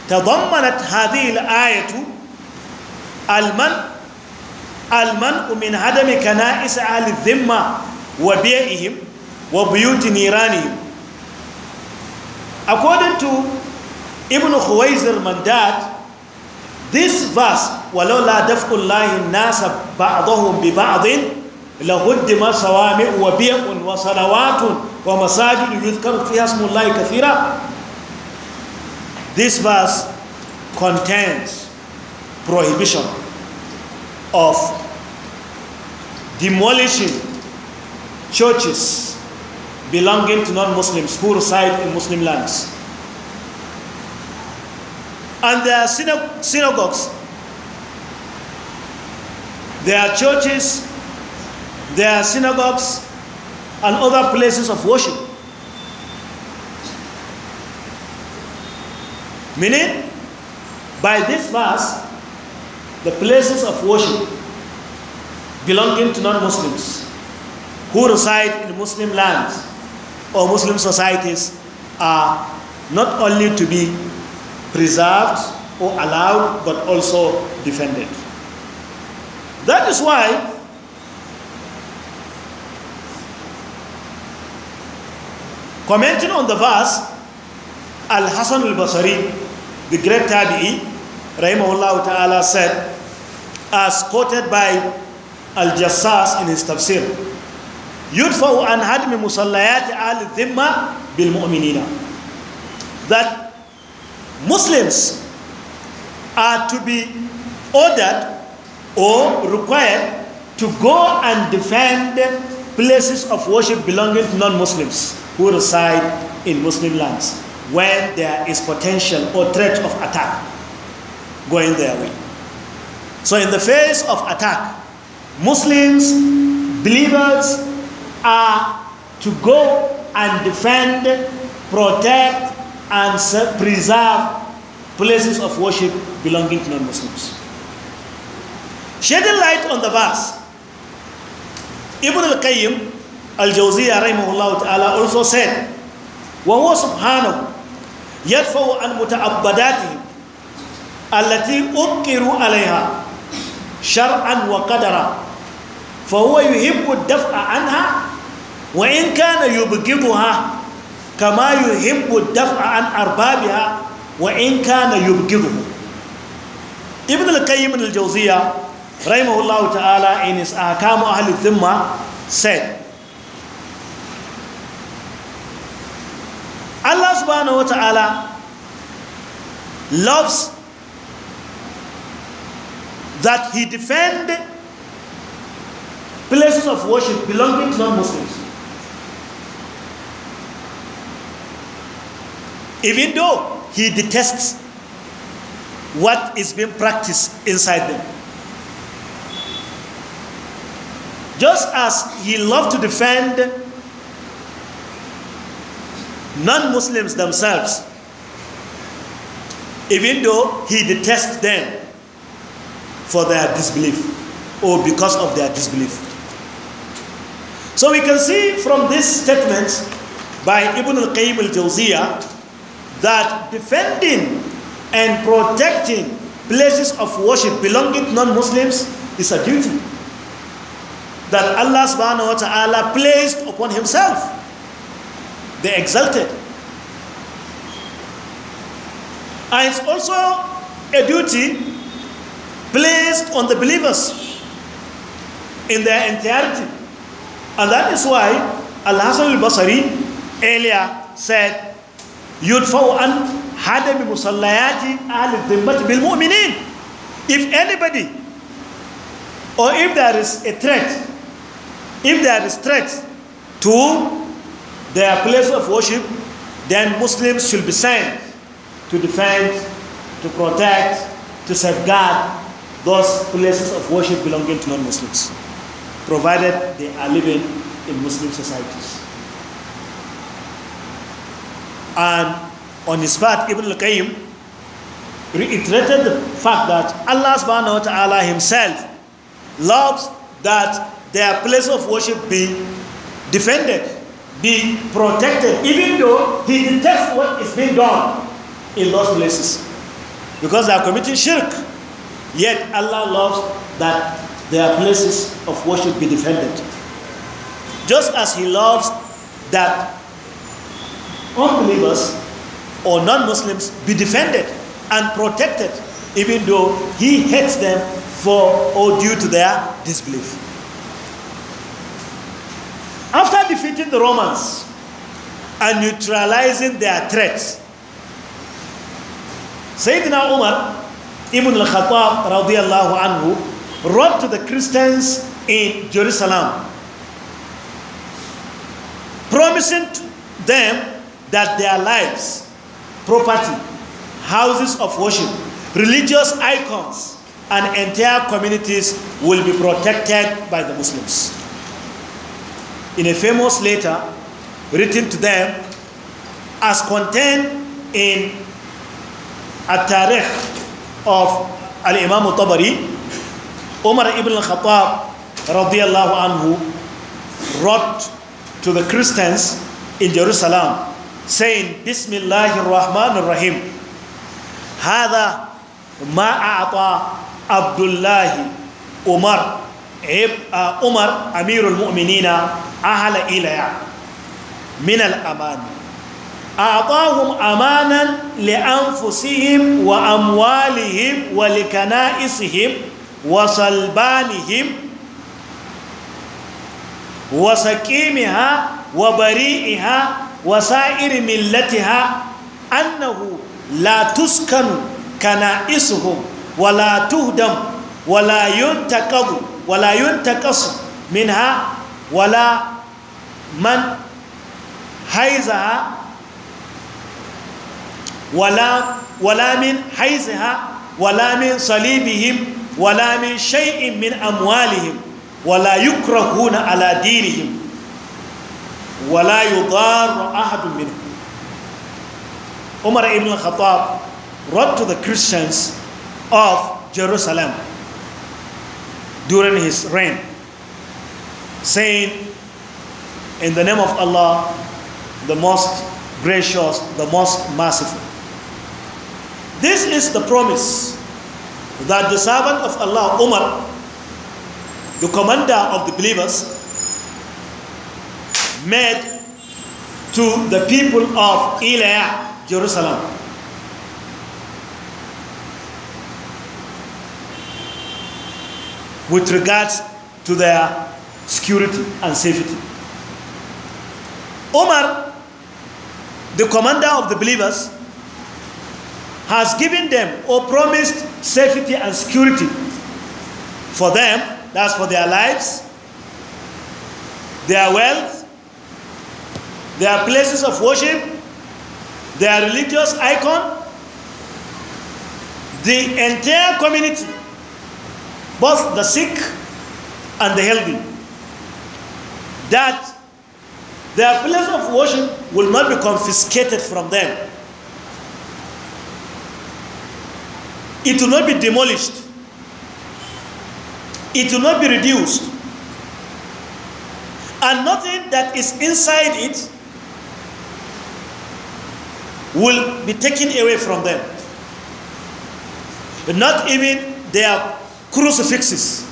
تضمنت هذه الآية المنع المنع من هدم كنائس أهل الذمة وبيئهم وبيوت نيرانهم According to Ibn Khuwayzir Mandat. this verse, وَلَوْلَا دَفْقُ اللَّهِ النَّاسَ بَعْضَهُمْ بِبَعْضٍ لَهُدِّمَ صَوَامِعُ وَبِيَعٌ وَصَلَوَاتٌ وَمَسَاجِدُ يُذْكَرُ فِيهَا اسْمُ اللَّهِ كَثِيرًا This verse contains prohibition of demolishing churches belonging to non-Muslims who reside in Muslim lands and there are synagogues, there are churches, there are synagogues, and other places of worship. Meaning, by this verse, the places of worship belonging to non Muslims who reside in Muslim lands or Muslim societies are not only to be preserved or allowed but also defended. That is why commenting on the verse Al Hasan al Basari, the great Tabi'i, Rahimahullah Ta'ala said, as quoted by Al Jassas in his tafsir, يدفع عن هدم al أهل bil mu'minina. That Muslims are to be ordered or required to go and defend places of worship belonging to non Muslims who reside in Muslim lands when there is potential or threat of attack going their way. So, in the face of attack, Muslims, believers are to go and defend, protect, and preserve places of worship belonging to non-Muslims. Shedding light on the verse, Ibn al-Qayyim al-Jawziyah rahimahullah ta'ala also said, وَهُوَ سُبْحَانَهُ يَدْفَوْ عَنْ مُتَعَبَّدَاتِهِمْ الَّتِي أُقِّرُوا عَلَيْهَا شَرْعًا وَقَدَرًا فَهُوَ يُحِبُّ الدَّفْعَ عَنْهَا وَإِنْ كَانَ يُبْغِضُهَا كما يحب الدفع عن أربابها وإن كان يبغضه ابن القيم الجوزية رحمه الله تعالى in his أحكام أهل الذمة said Allah subhanahu wa ta'ala loves that he defend places of worship belonging to non-Muslims even though he detests what is being practiced inside them. Just as he loved to defend non Muslims themselves, even though he detests them for their disbelief or because of their disbelief. So we can see from this statement by Ibn al Qayyim al Jawziyah that defending and protecting places of worship belonging to non-Muslims is a duty that Allah subhanahu wa ta'ala placed upon himself. They exalted. And it's also a duty placed on the believers in their entirety. And that is why Al Hasan al Basri earlier said يدفع عن عدم مصليات أهل الذمة بالمؤمنين if anybody or if there is a threat if there is threat to their place of worship then Muslims should be sent to defend to protect to safeguard those places of worship belonging to non-Muslims provided they are living in Muslim societies and on his part, Ibn al-Qayyim reiterated the fact that Allah subhanahu wa ta'ala himself loves that their place of worship be defended, be protected, even though he detests what is being done in those places. Because they are committing shirk. Yet Allah loves that their places of worship be defended. Just as he loves that unbelievers or non-Muslims be defended and protected even though he hates them for or due to their disbelief. After defeating the Romans and neutralizing their threats, Sayyidina Umar Ibn al-Khattab anhu wrote to the Christians in Jerusalem promising them that their lives, property, houses of worship, religious icons, and entire communities will be protected by the Muslims. In a famous letter written to them, as contained in a tarikh of Al Imam Tabari, Umar ibn al Khattab radiallahu anhu wrote to the Christians in Jerusalem saying Bismillahir Rahmanir Rahim. hadha ma a'ta Abdullah Umar ib Umar Amirul Mu'minina ahla ilaya min al-aman. a'tahum amanan li anfusihim wa amwalihim أعطاهم أمانا wa salbanihim wa sakimiha wa bari'iha وسائر ملتها أنه لا تسكن كنائسهم ولا تهدم ولا ينتقض ولا ينتقص منها ولا من حيزها ولا ولا من حيزها ولا من صليبهم ولا من شيء من أموالهم ولا يكرهون على دينهم wala yudaru ahadun minhum Umar ibn al-Khattab wrote to the Christians of Jerusalem during his reign saying in the name of Allah the most gracious the most merciful this is the promise that the servant of Allah Umar the commander of the believers made to the people of Eliah, Jerusalem. With regards to their security and safety. Omar, the commander of the believers, has given them or promised safety and security for them, that's for their lives, their wealth, their places of worship, their religious icon, the entire community, both the sick and the healthy, that their place of worship will not be confiscated from them. It will not be demolished. It will not be reduced. And nothing that is inside it will be taken away from them. But not even their crucifixes.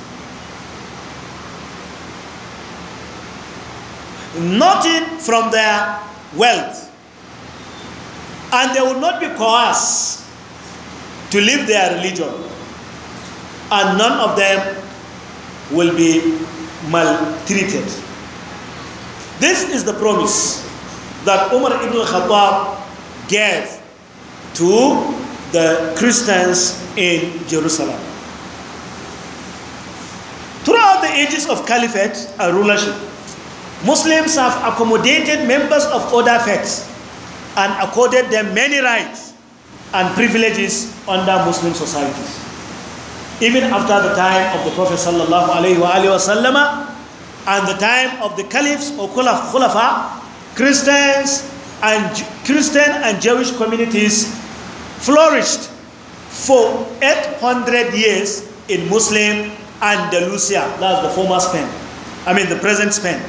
Nothing from their wealth. And they will not be coerced to leave their religion. And none of them will be maltreated. This is the promise that Umar ibn Khattab gave to the Christians in Jerusalem. Throughout the ages of caliphate and rulership, Muslims have accommodated members of other faiths and accorded them many rights and privileges under Muslim societies. Even after the time of the Prophet and the time of the caliphs or khulafa, Christians and Christian and Jewish communities flourished for 800 years in Muslim Andalusia. That's the former Spain. I mean the present Spain.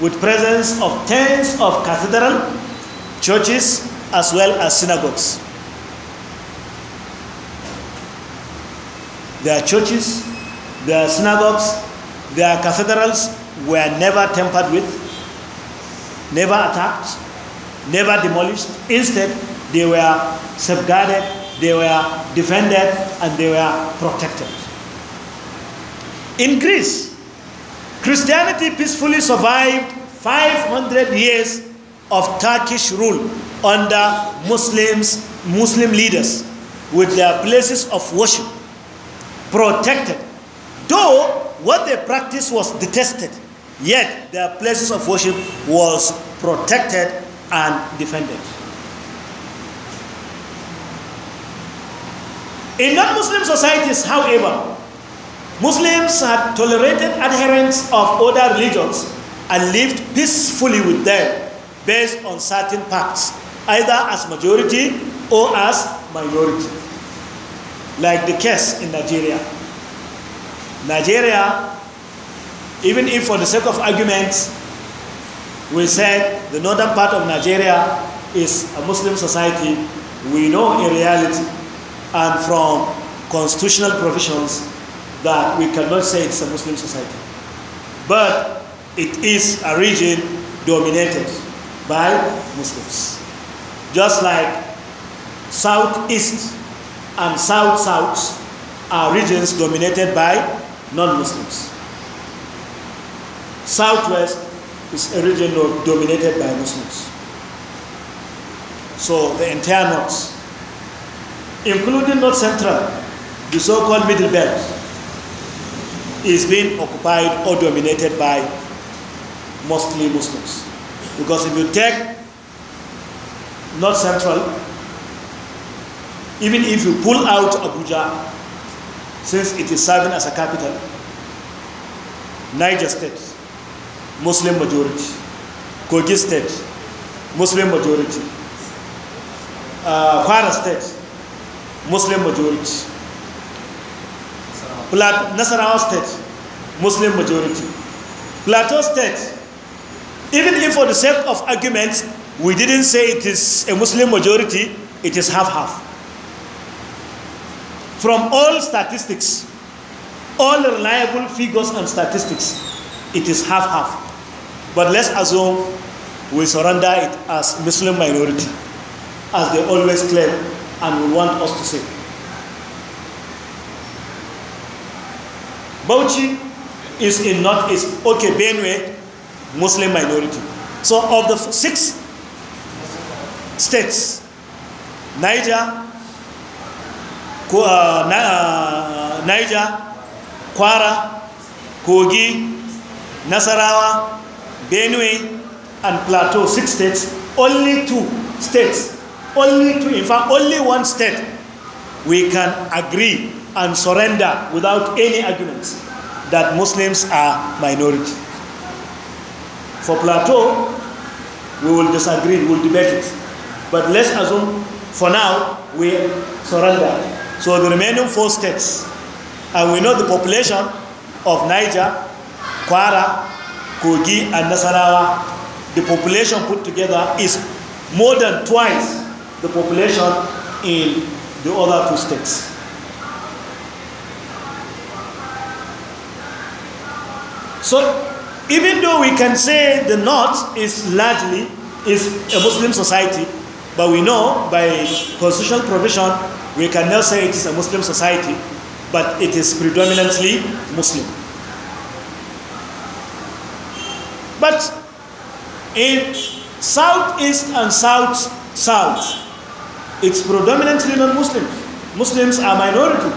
With presence of tens of cathedral churches as well as synagogues. Their churches, their synagogues, their cathedrals were never tampered with, never attacked, never demolished. Instead, they were safeguarded, they were defended, and they were protected. In Greece, Christianity peacefully survived 500 years of Turkish rule under Muslims, Muslim leaders with their places of worship protected. Though what they practiced was detested, yet their places of worship was protected and defended. In non Muslim societies, however, Muslims had tolerated adherents of other religions and lived peacefully with them based on certain pacts, either as majority or as minority, like the case in Nigeria. Nigeria, even if for the sake of arguments, we said the northern part of Nigeria is a Muslim society. We know in reality and from constitutional provisions that we cannot say it's a Muslim society. But it is a region dominated by Muslims. Just like southeast and south south are regions dominated by non Muslims. Southwest is a region dominated by Muslims. So the entire north, including north central, the so-called middle belt, is being occupied or dominated by mostly Muslims. Because if you take north central, even if you pull out Abuja, since it is serving as a capital, Niger State, Muslim majority. Kogi state, Muslim majority. Uh, Kwara state, Muslim majority. Plat Nasarawa state, Muslim majority. Plateau state, even if for the sake of argument, we didn't say it is a Muslim majority, it is half-half. From all statistics, all reliable figures and statistics, it is half-half. But let's assume we surrender it as Muslim minority, as they always claim and want us to say. Bauchi is in northeast, okay, Benue, Muslim minority. So of the six states, Niger, uh, uh, Niger, Kwara, Kogi, Nasarawa, Benue and Plateau, six states, only two states, only two, in fact, only one state, we can agree and surrender without any arguments that Muslims are minority. For Plateau, we will disagree, we will debate it. But let's assume for now we surrender. So the remaining four states, and we know the population of Niger, Kwara, Kogi and Nasarawa, the population put together is more than twice the population in the other two states. So even though we can say the North is largely is a Muslim society, but we know by constitutional provision we cannot say it is a Muslim society, but it is predominantly Muslim. But in southeast and south south, it's predominantly non-Muslim. Muslims are minority.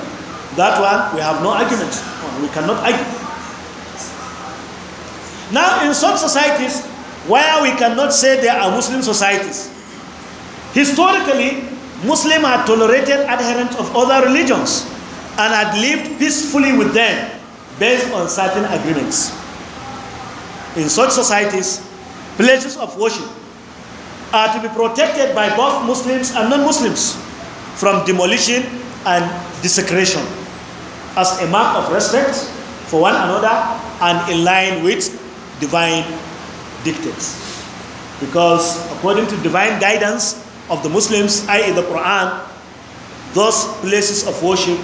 That one we have no argument. We cannot argue. Now, in some societies where we cannot say there are Muslim societies, historically, Muslims are tolerated adherents of other religions and had lived peacefully with them based on certain agreements. In such societies, places of worship are to be protected by both Muslims and non Muslims from demolition and desecration as a mark of respect for one another and in line with divine dictates. Because according to divine guidance of the Muslims, i.e., the Quran, those places of worship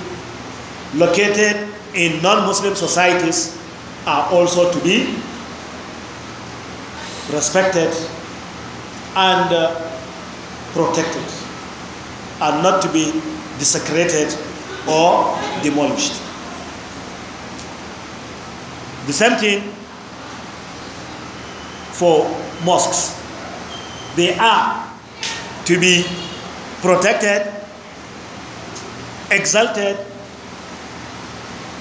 located in non Muslim societies are also to be respected, and uh, protected, and not to be desecrated or demolished. The same thing for mosques. They are to be protected, exalted.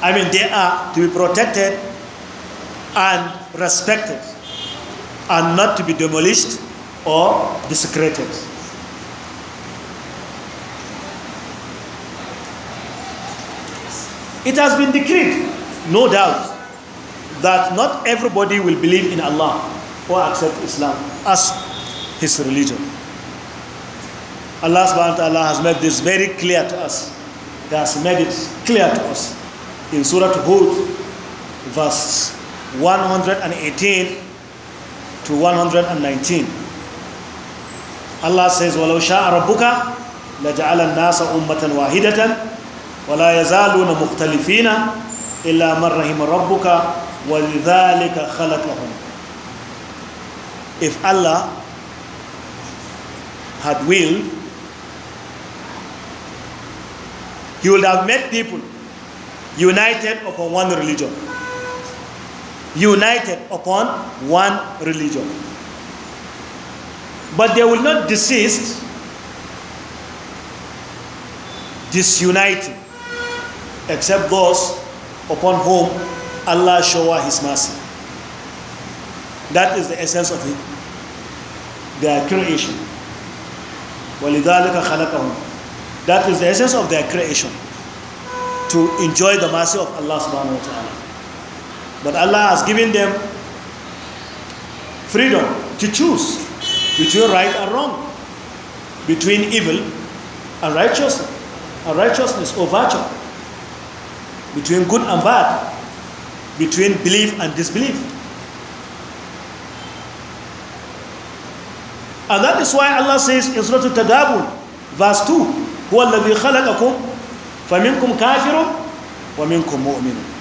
I mean, they are to be protected and respected. And not to be demolished or desecrated. It has been decreed, no doubt, that not everybody will believe in Allah or accept Islam as his religion. Allah subhanahu wa ta'ala has made this very clear to us. He has made it clear to us in Surah Hud, verse 118 to 119. Allah says, وَلَا يَزَالُونَ مُخْتَلِفِينَ إِلَّا مَنْ رَحِمَ رَبُّكَ وَلِذَلِكَ خَلَقَهُمْ If Allah had willed, He would have made people united upon one religion united upon one religion. But they will not desist disuniting except those upon whom Allah shower his mercy. That is the essence of it. Their creation. That is the essence of their creation. To enjoy the mercy of Allah subhanahu wa ta'ala. But Allah has given them freedom to choose between right and wrong, between evil and righteousness, and righteousness or virtue, between good and bad, between belief and disbelief. And that is why Allah says in Surah Al-Tadabun, verse 2, هو الذي خلقكم فمنكم كافر ومنكم مؤمن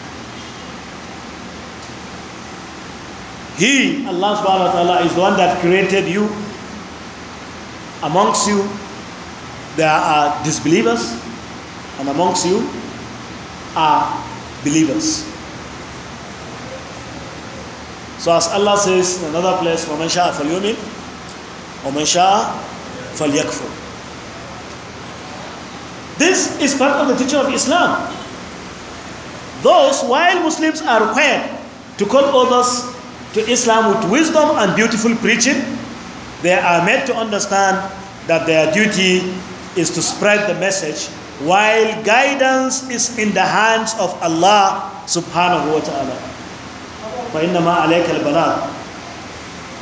He, Allah subhanahu wa ta'ala, is the one that created you. Amongst you, there are disbelievers, and amongst you are believers. So as Allah says in another place, وَمَنْ شَاءَ فَلْيُؤْمِنْ وَمَنْ شَاءَ فَلْيَكْفُرْ This is part of the teaching of Islam. Those, while Muslims are required to call others to Islam with wisdom and beautiful preaching, they are made to understand that their duty is to spread the message while guidance is in the hands of Allah subhanahu wa ta'ala.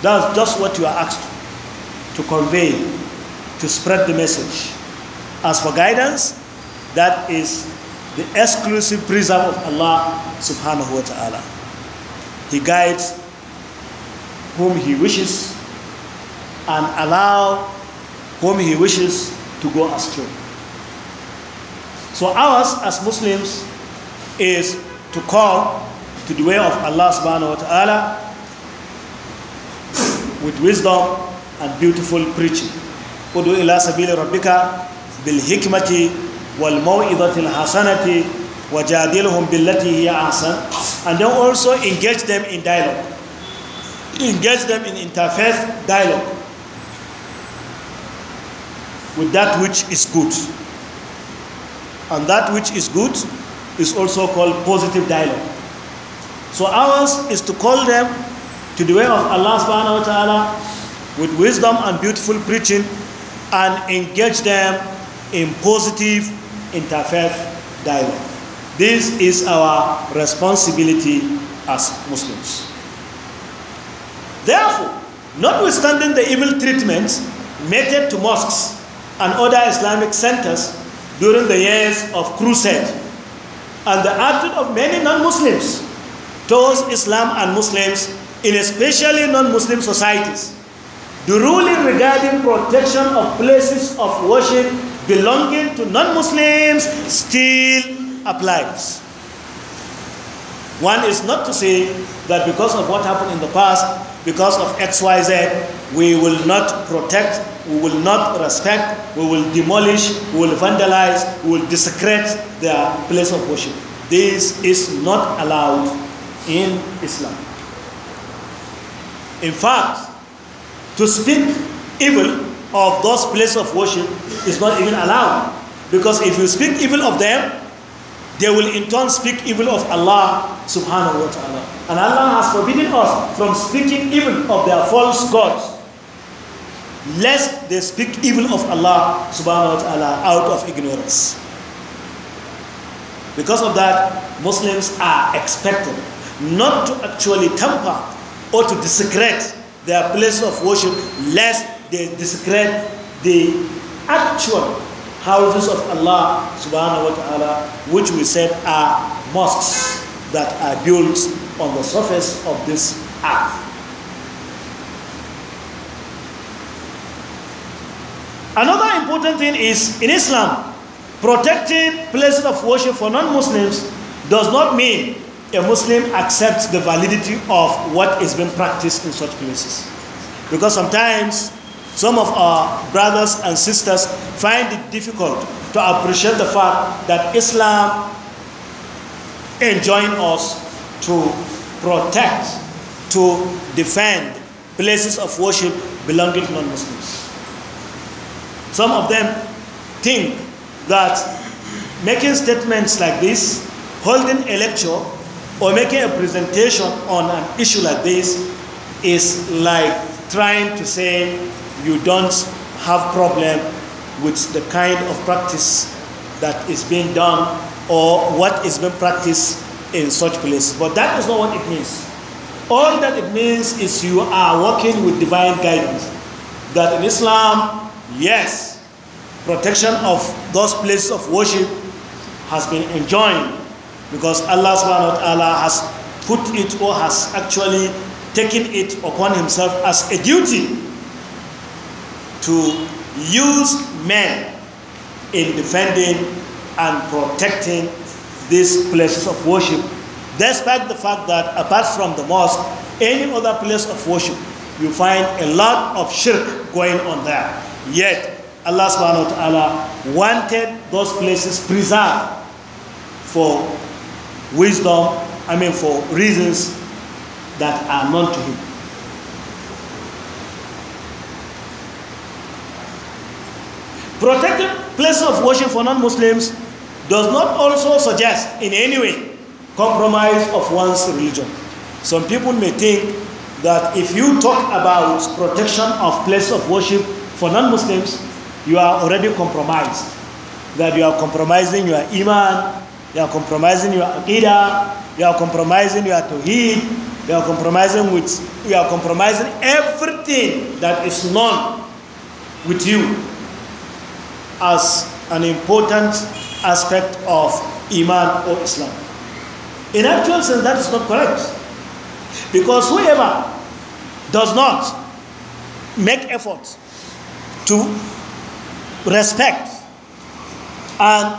That's just what you are asked to convey, to spread the message. As for guidance, that is the exclusive preserve of Allah subhanahu wa ta'ala. He guides whom he wishes and allow whom he wishes to go astray. So, ours as Muslims is to call to the way of Allah subhanahu wa ta'ala with wisdom and beautiful preaching. Udu ila sabili rabbika bil hikmati wal maw'idatil hasanati and then also engage them in dialogue engage them in interfaith dialogue with that which is good. And that which is good is also called positive dialogue. So ours is to call them to the way of Allah subhanahu wa ta'ala with wisdom and beautiful preaching and engage them in positive interfaith dialogue. This is our responsibility as Muslims. Therefore, notwithstanding the evil treatment meted to mosques and other Islamic centers during the years of crusade and the attitude of many non-Muslims towards Islam and Muslims in especially non-Muslim societies. The ruling regarding protection of places of worship belonging to non-Muslims still applies. One is not to say that because of what happened in the past, because of XYZ, we will not protect, we will not respect, we will demolish, we will vandalize, we will desecrate their place of worship. This is not allowed in Islam. In fact, to speak evil of those places of worship is not even allowed. Because if you speak evil of them, they will in turn speak evil of Allah subhanahu wa ta'ala. And Allah has forbidden us from speaking evil of their false gods, lest they speak evil of Allah subhanahu wa ta'ala out of ignorance. Because of that, Muslims are expected not to actually tamper or to desecrate their place of worship, lest they desecrate the actual houses of Allah subhanahu wa ta'ala, which we said are mosques that are built on the surface of this earth. Another important thing is in Islam, protecting places of worship for non Muslims does not mean a Muslim accepts the validity of what is being practiced in such places. Because sometimes some of our brothers and sisters find it difficult to appreciate the fact that Islam enjoins us to protect, to defend places of worship belonging to non Muslims. Some of them think that making statements like this, holding a lecture, or making a presentation on an issue like this is like trying to say you don't have problem with the kind of practice that is being done or what is being practiced in such places. But that is not what it means. All that it means is you are working with divine guidance. That in Islam, yes, protection of those places of worship has been enjoined because Allah subhanahu wa ta'ala has put it or has actually taken it upon himself as a duty to use men in defending and protecting these places of worship, despite the fact that apart from the mosque, any other place of worship, you find a lot of shirk going on there. Yet, Allah subhanahu wa ta'ala wanted those places preserved for wisdom, I mean, for reasons that are known to Him. Protecting places of worship for non-Muslims does not also suggest in any way compromise of one's religion. Some people may think that if you talk about protection of place of worship for non-Muslims, you are already compromised. That you are compromising your iman, you are compromising your aqidah, you are compromising your tawhid, you are compromising with, you are compromising everything that is known with you as an important aspect of Iman or Islam. In actual sense, that is not correct. Because whoever does not make effort to respect and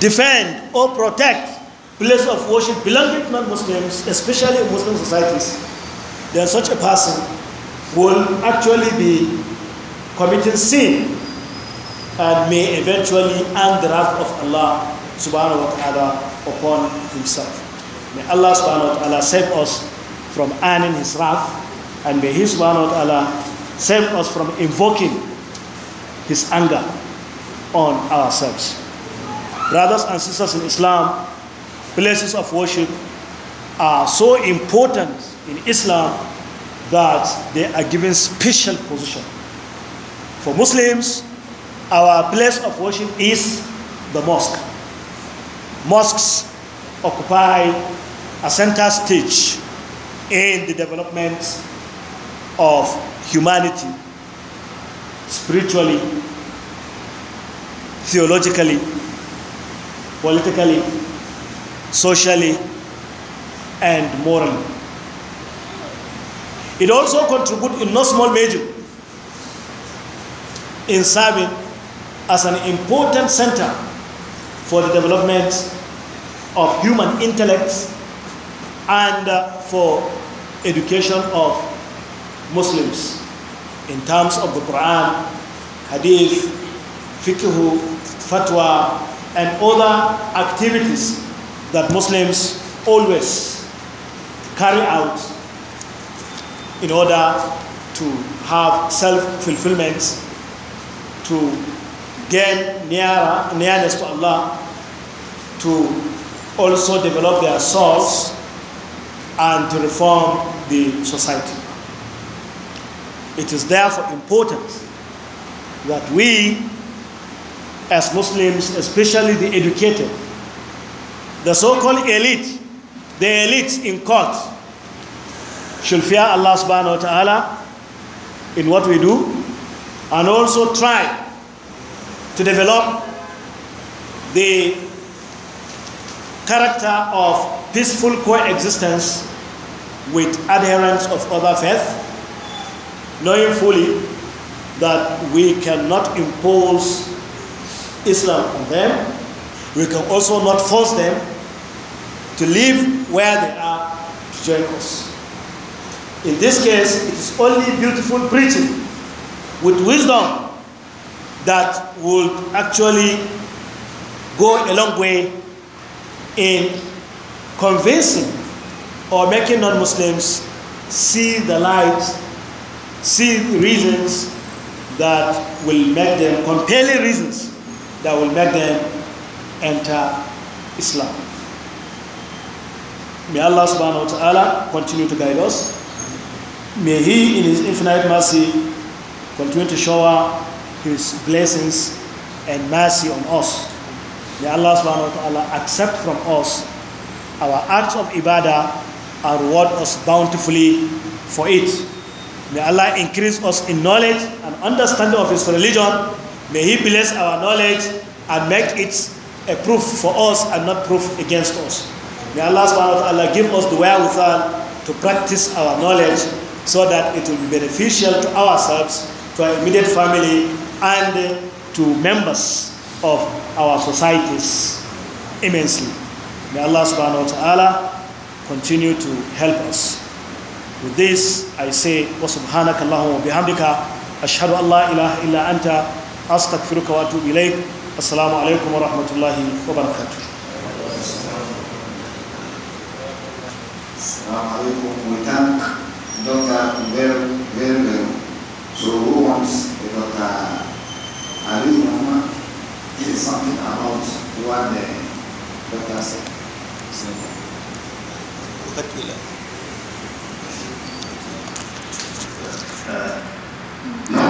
defend or protect place of worship belonging to non-Muslims, especially in Muslim societies, then such a person will actually be committing sin and may eventually earn the wrath of Allah subhanahu wa ta'ala upon himself. May Allah subhanahu wa ta'ala save us from earning his wrath and may he subhanahu wa ta'ala save us from invoking his anger on ourselves. Brothers and sisters in Islam, places of worship are so important in Islam that they are given special position. For Muslims, our place of worship is the mosque. Mosques occupy a center stage in the development of humanity spiritually, theologically, politically, socially, and morally. It also contributes in no small measure in serving as an important center for the development of human intellect and uh, for education of Muslims in terms of the Quran, Hadith, Fiqh, Fatwa, and other activities that Muslims always carry out in order to have self fulfillment, to gain nearer, nearness to Allah, to also develop their souls and to reform the society. It is therefore important that we, as Muslims, especially the educated, the so called elite, the elites in court, should fear Allah subhanahu wa ta'ala in what we do and also try to develop the character of peaceful coexistence with adherents of other faith, knowing fully that we cannot impose Islam on them. We can also not force them to live where they are to join us. In this case, it is only beautiful preaching with wisdom that would actually go a long way in convincing or making non Muslims see the light, see the reasons that will make them, compelling reasons that will make them enter Islam. May Allah subhanahu wa ta'ala continue to guide us. May He, in His infinite mercy, continue to shower his blessings and mercy on us. May Allah subhanahu wa ta'ala accept from us our acts of ibadah and reward us bountifully for it. May Allah increase us in knowledge and understanding of His religion. May He bless our knowledge and make it a proof for us and not proof against us. May Allah subhanahu wa ta'ala give us the wherewithal to practice our knowledge so that it will be beneficial to ourselves, to our immediate family, and to members of our societies immensely. May Allah subhanahu wa ta'ala continue to help us. With this, I say, wa subhanaka Allahumma bihamdika, ashhadu an ilaha illa anta, astaghfiruka wa atubu ilayk. Assalamu alaikum wa rahmatullahi wa barakatuh. We thank Dr. Very, very well. So who wants doctor? arrive un il est senti en honte loin de l'audace. C'est Uh,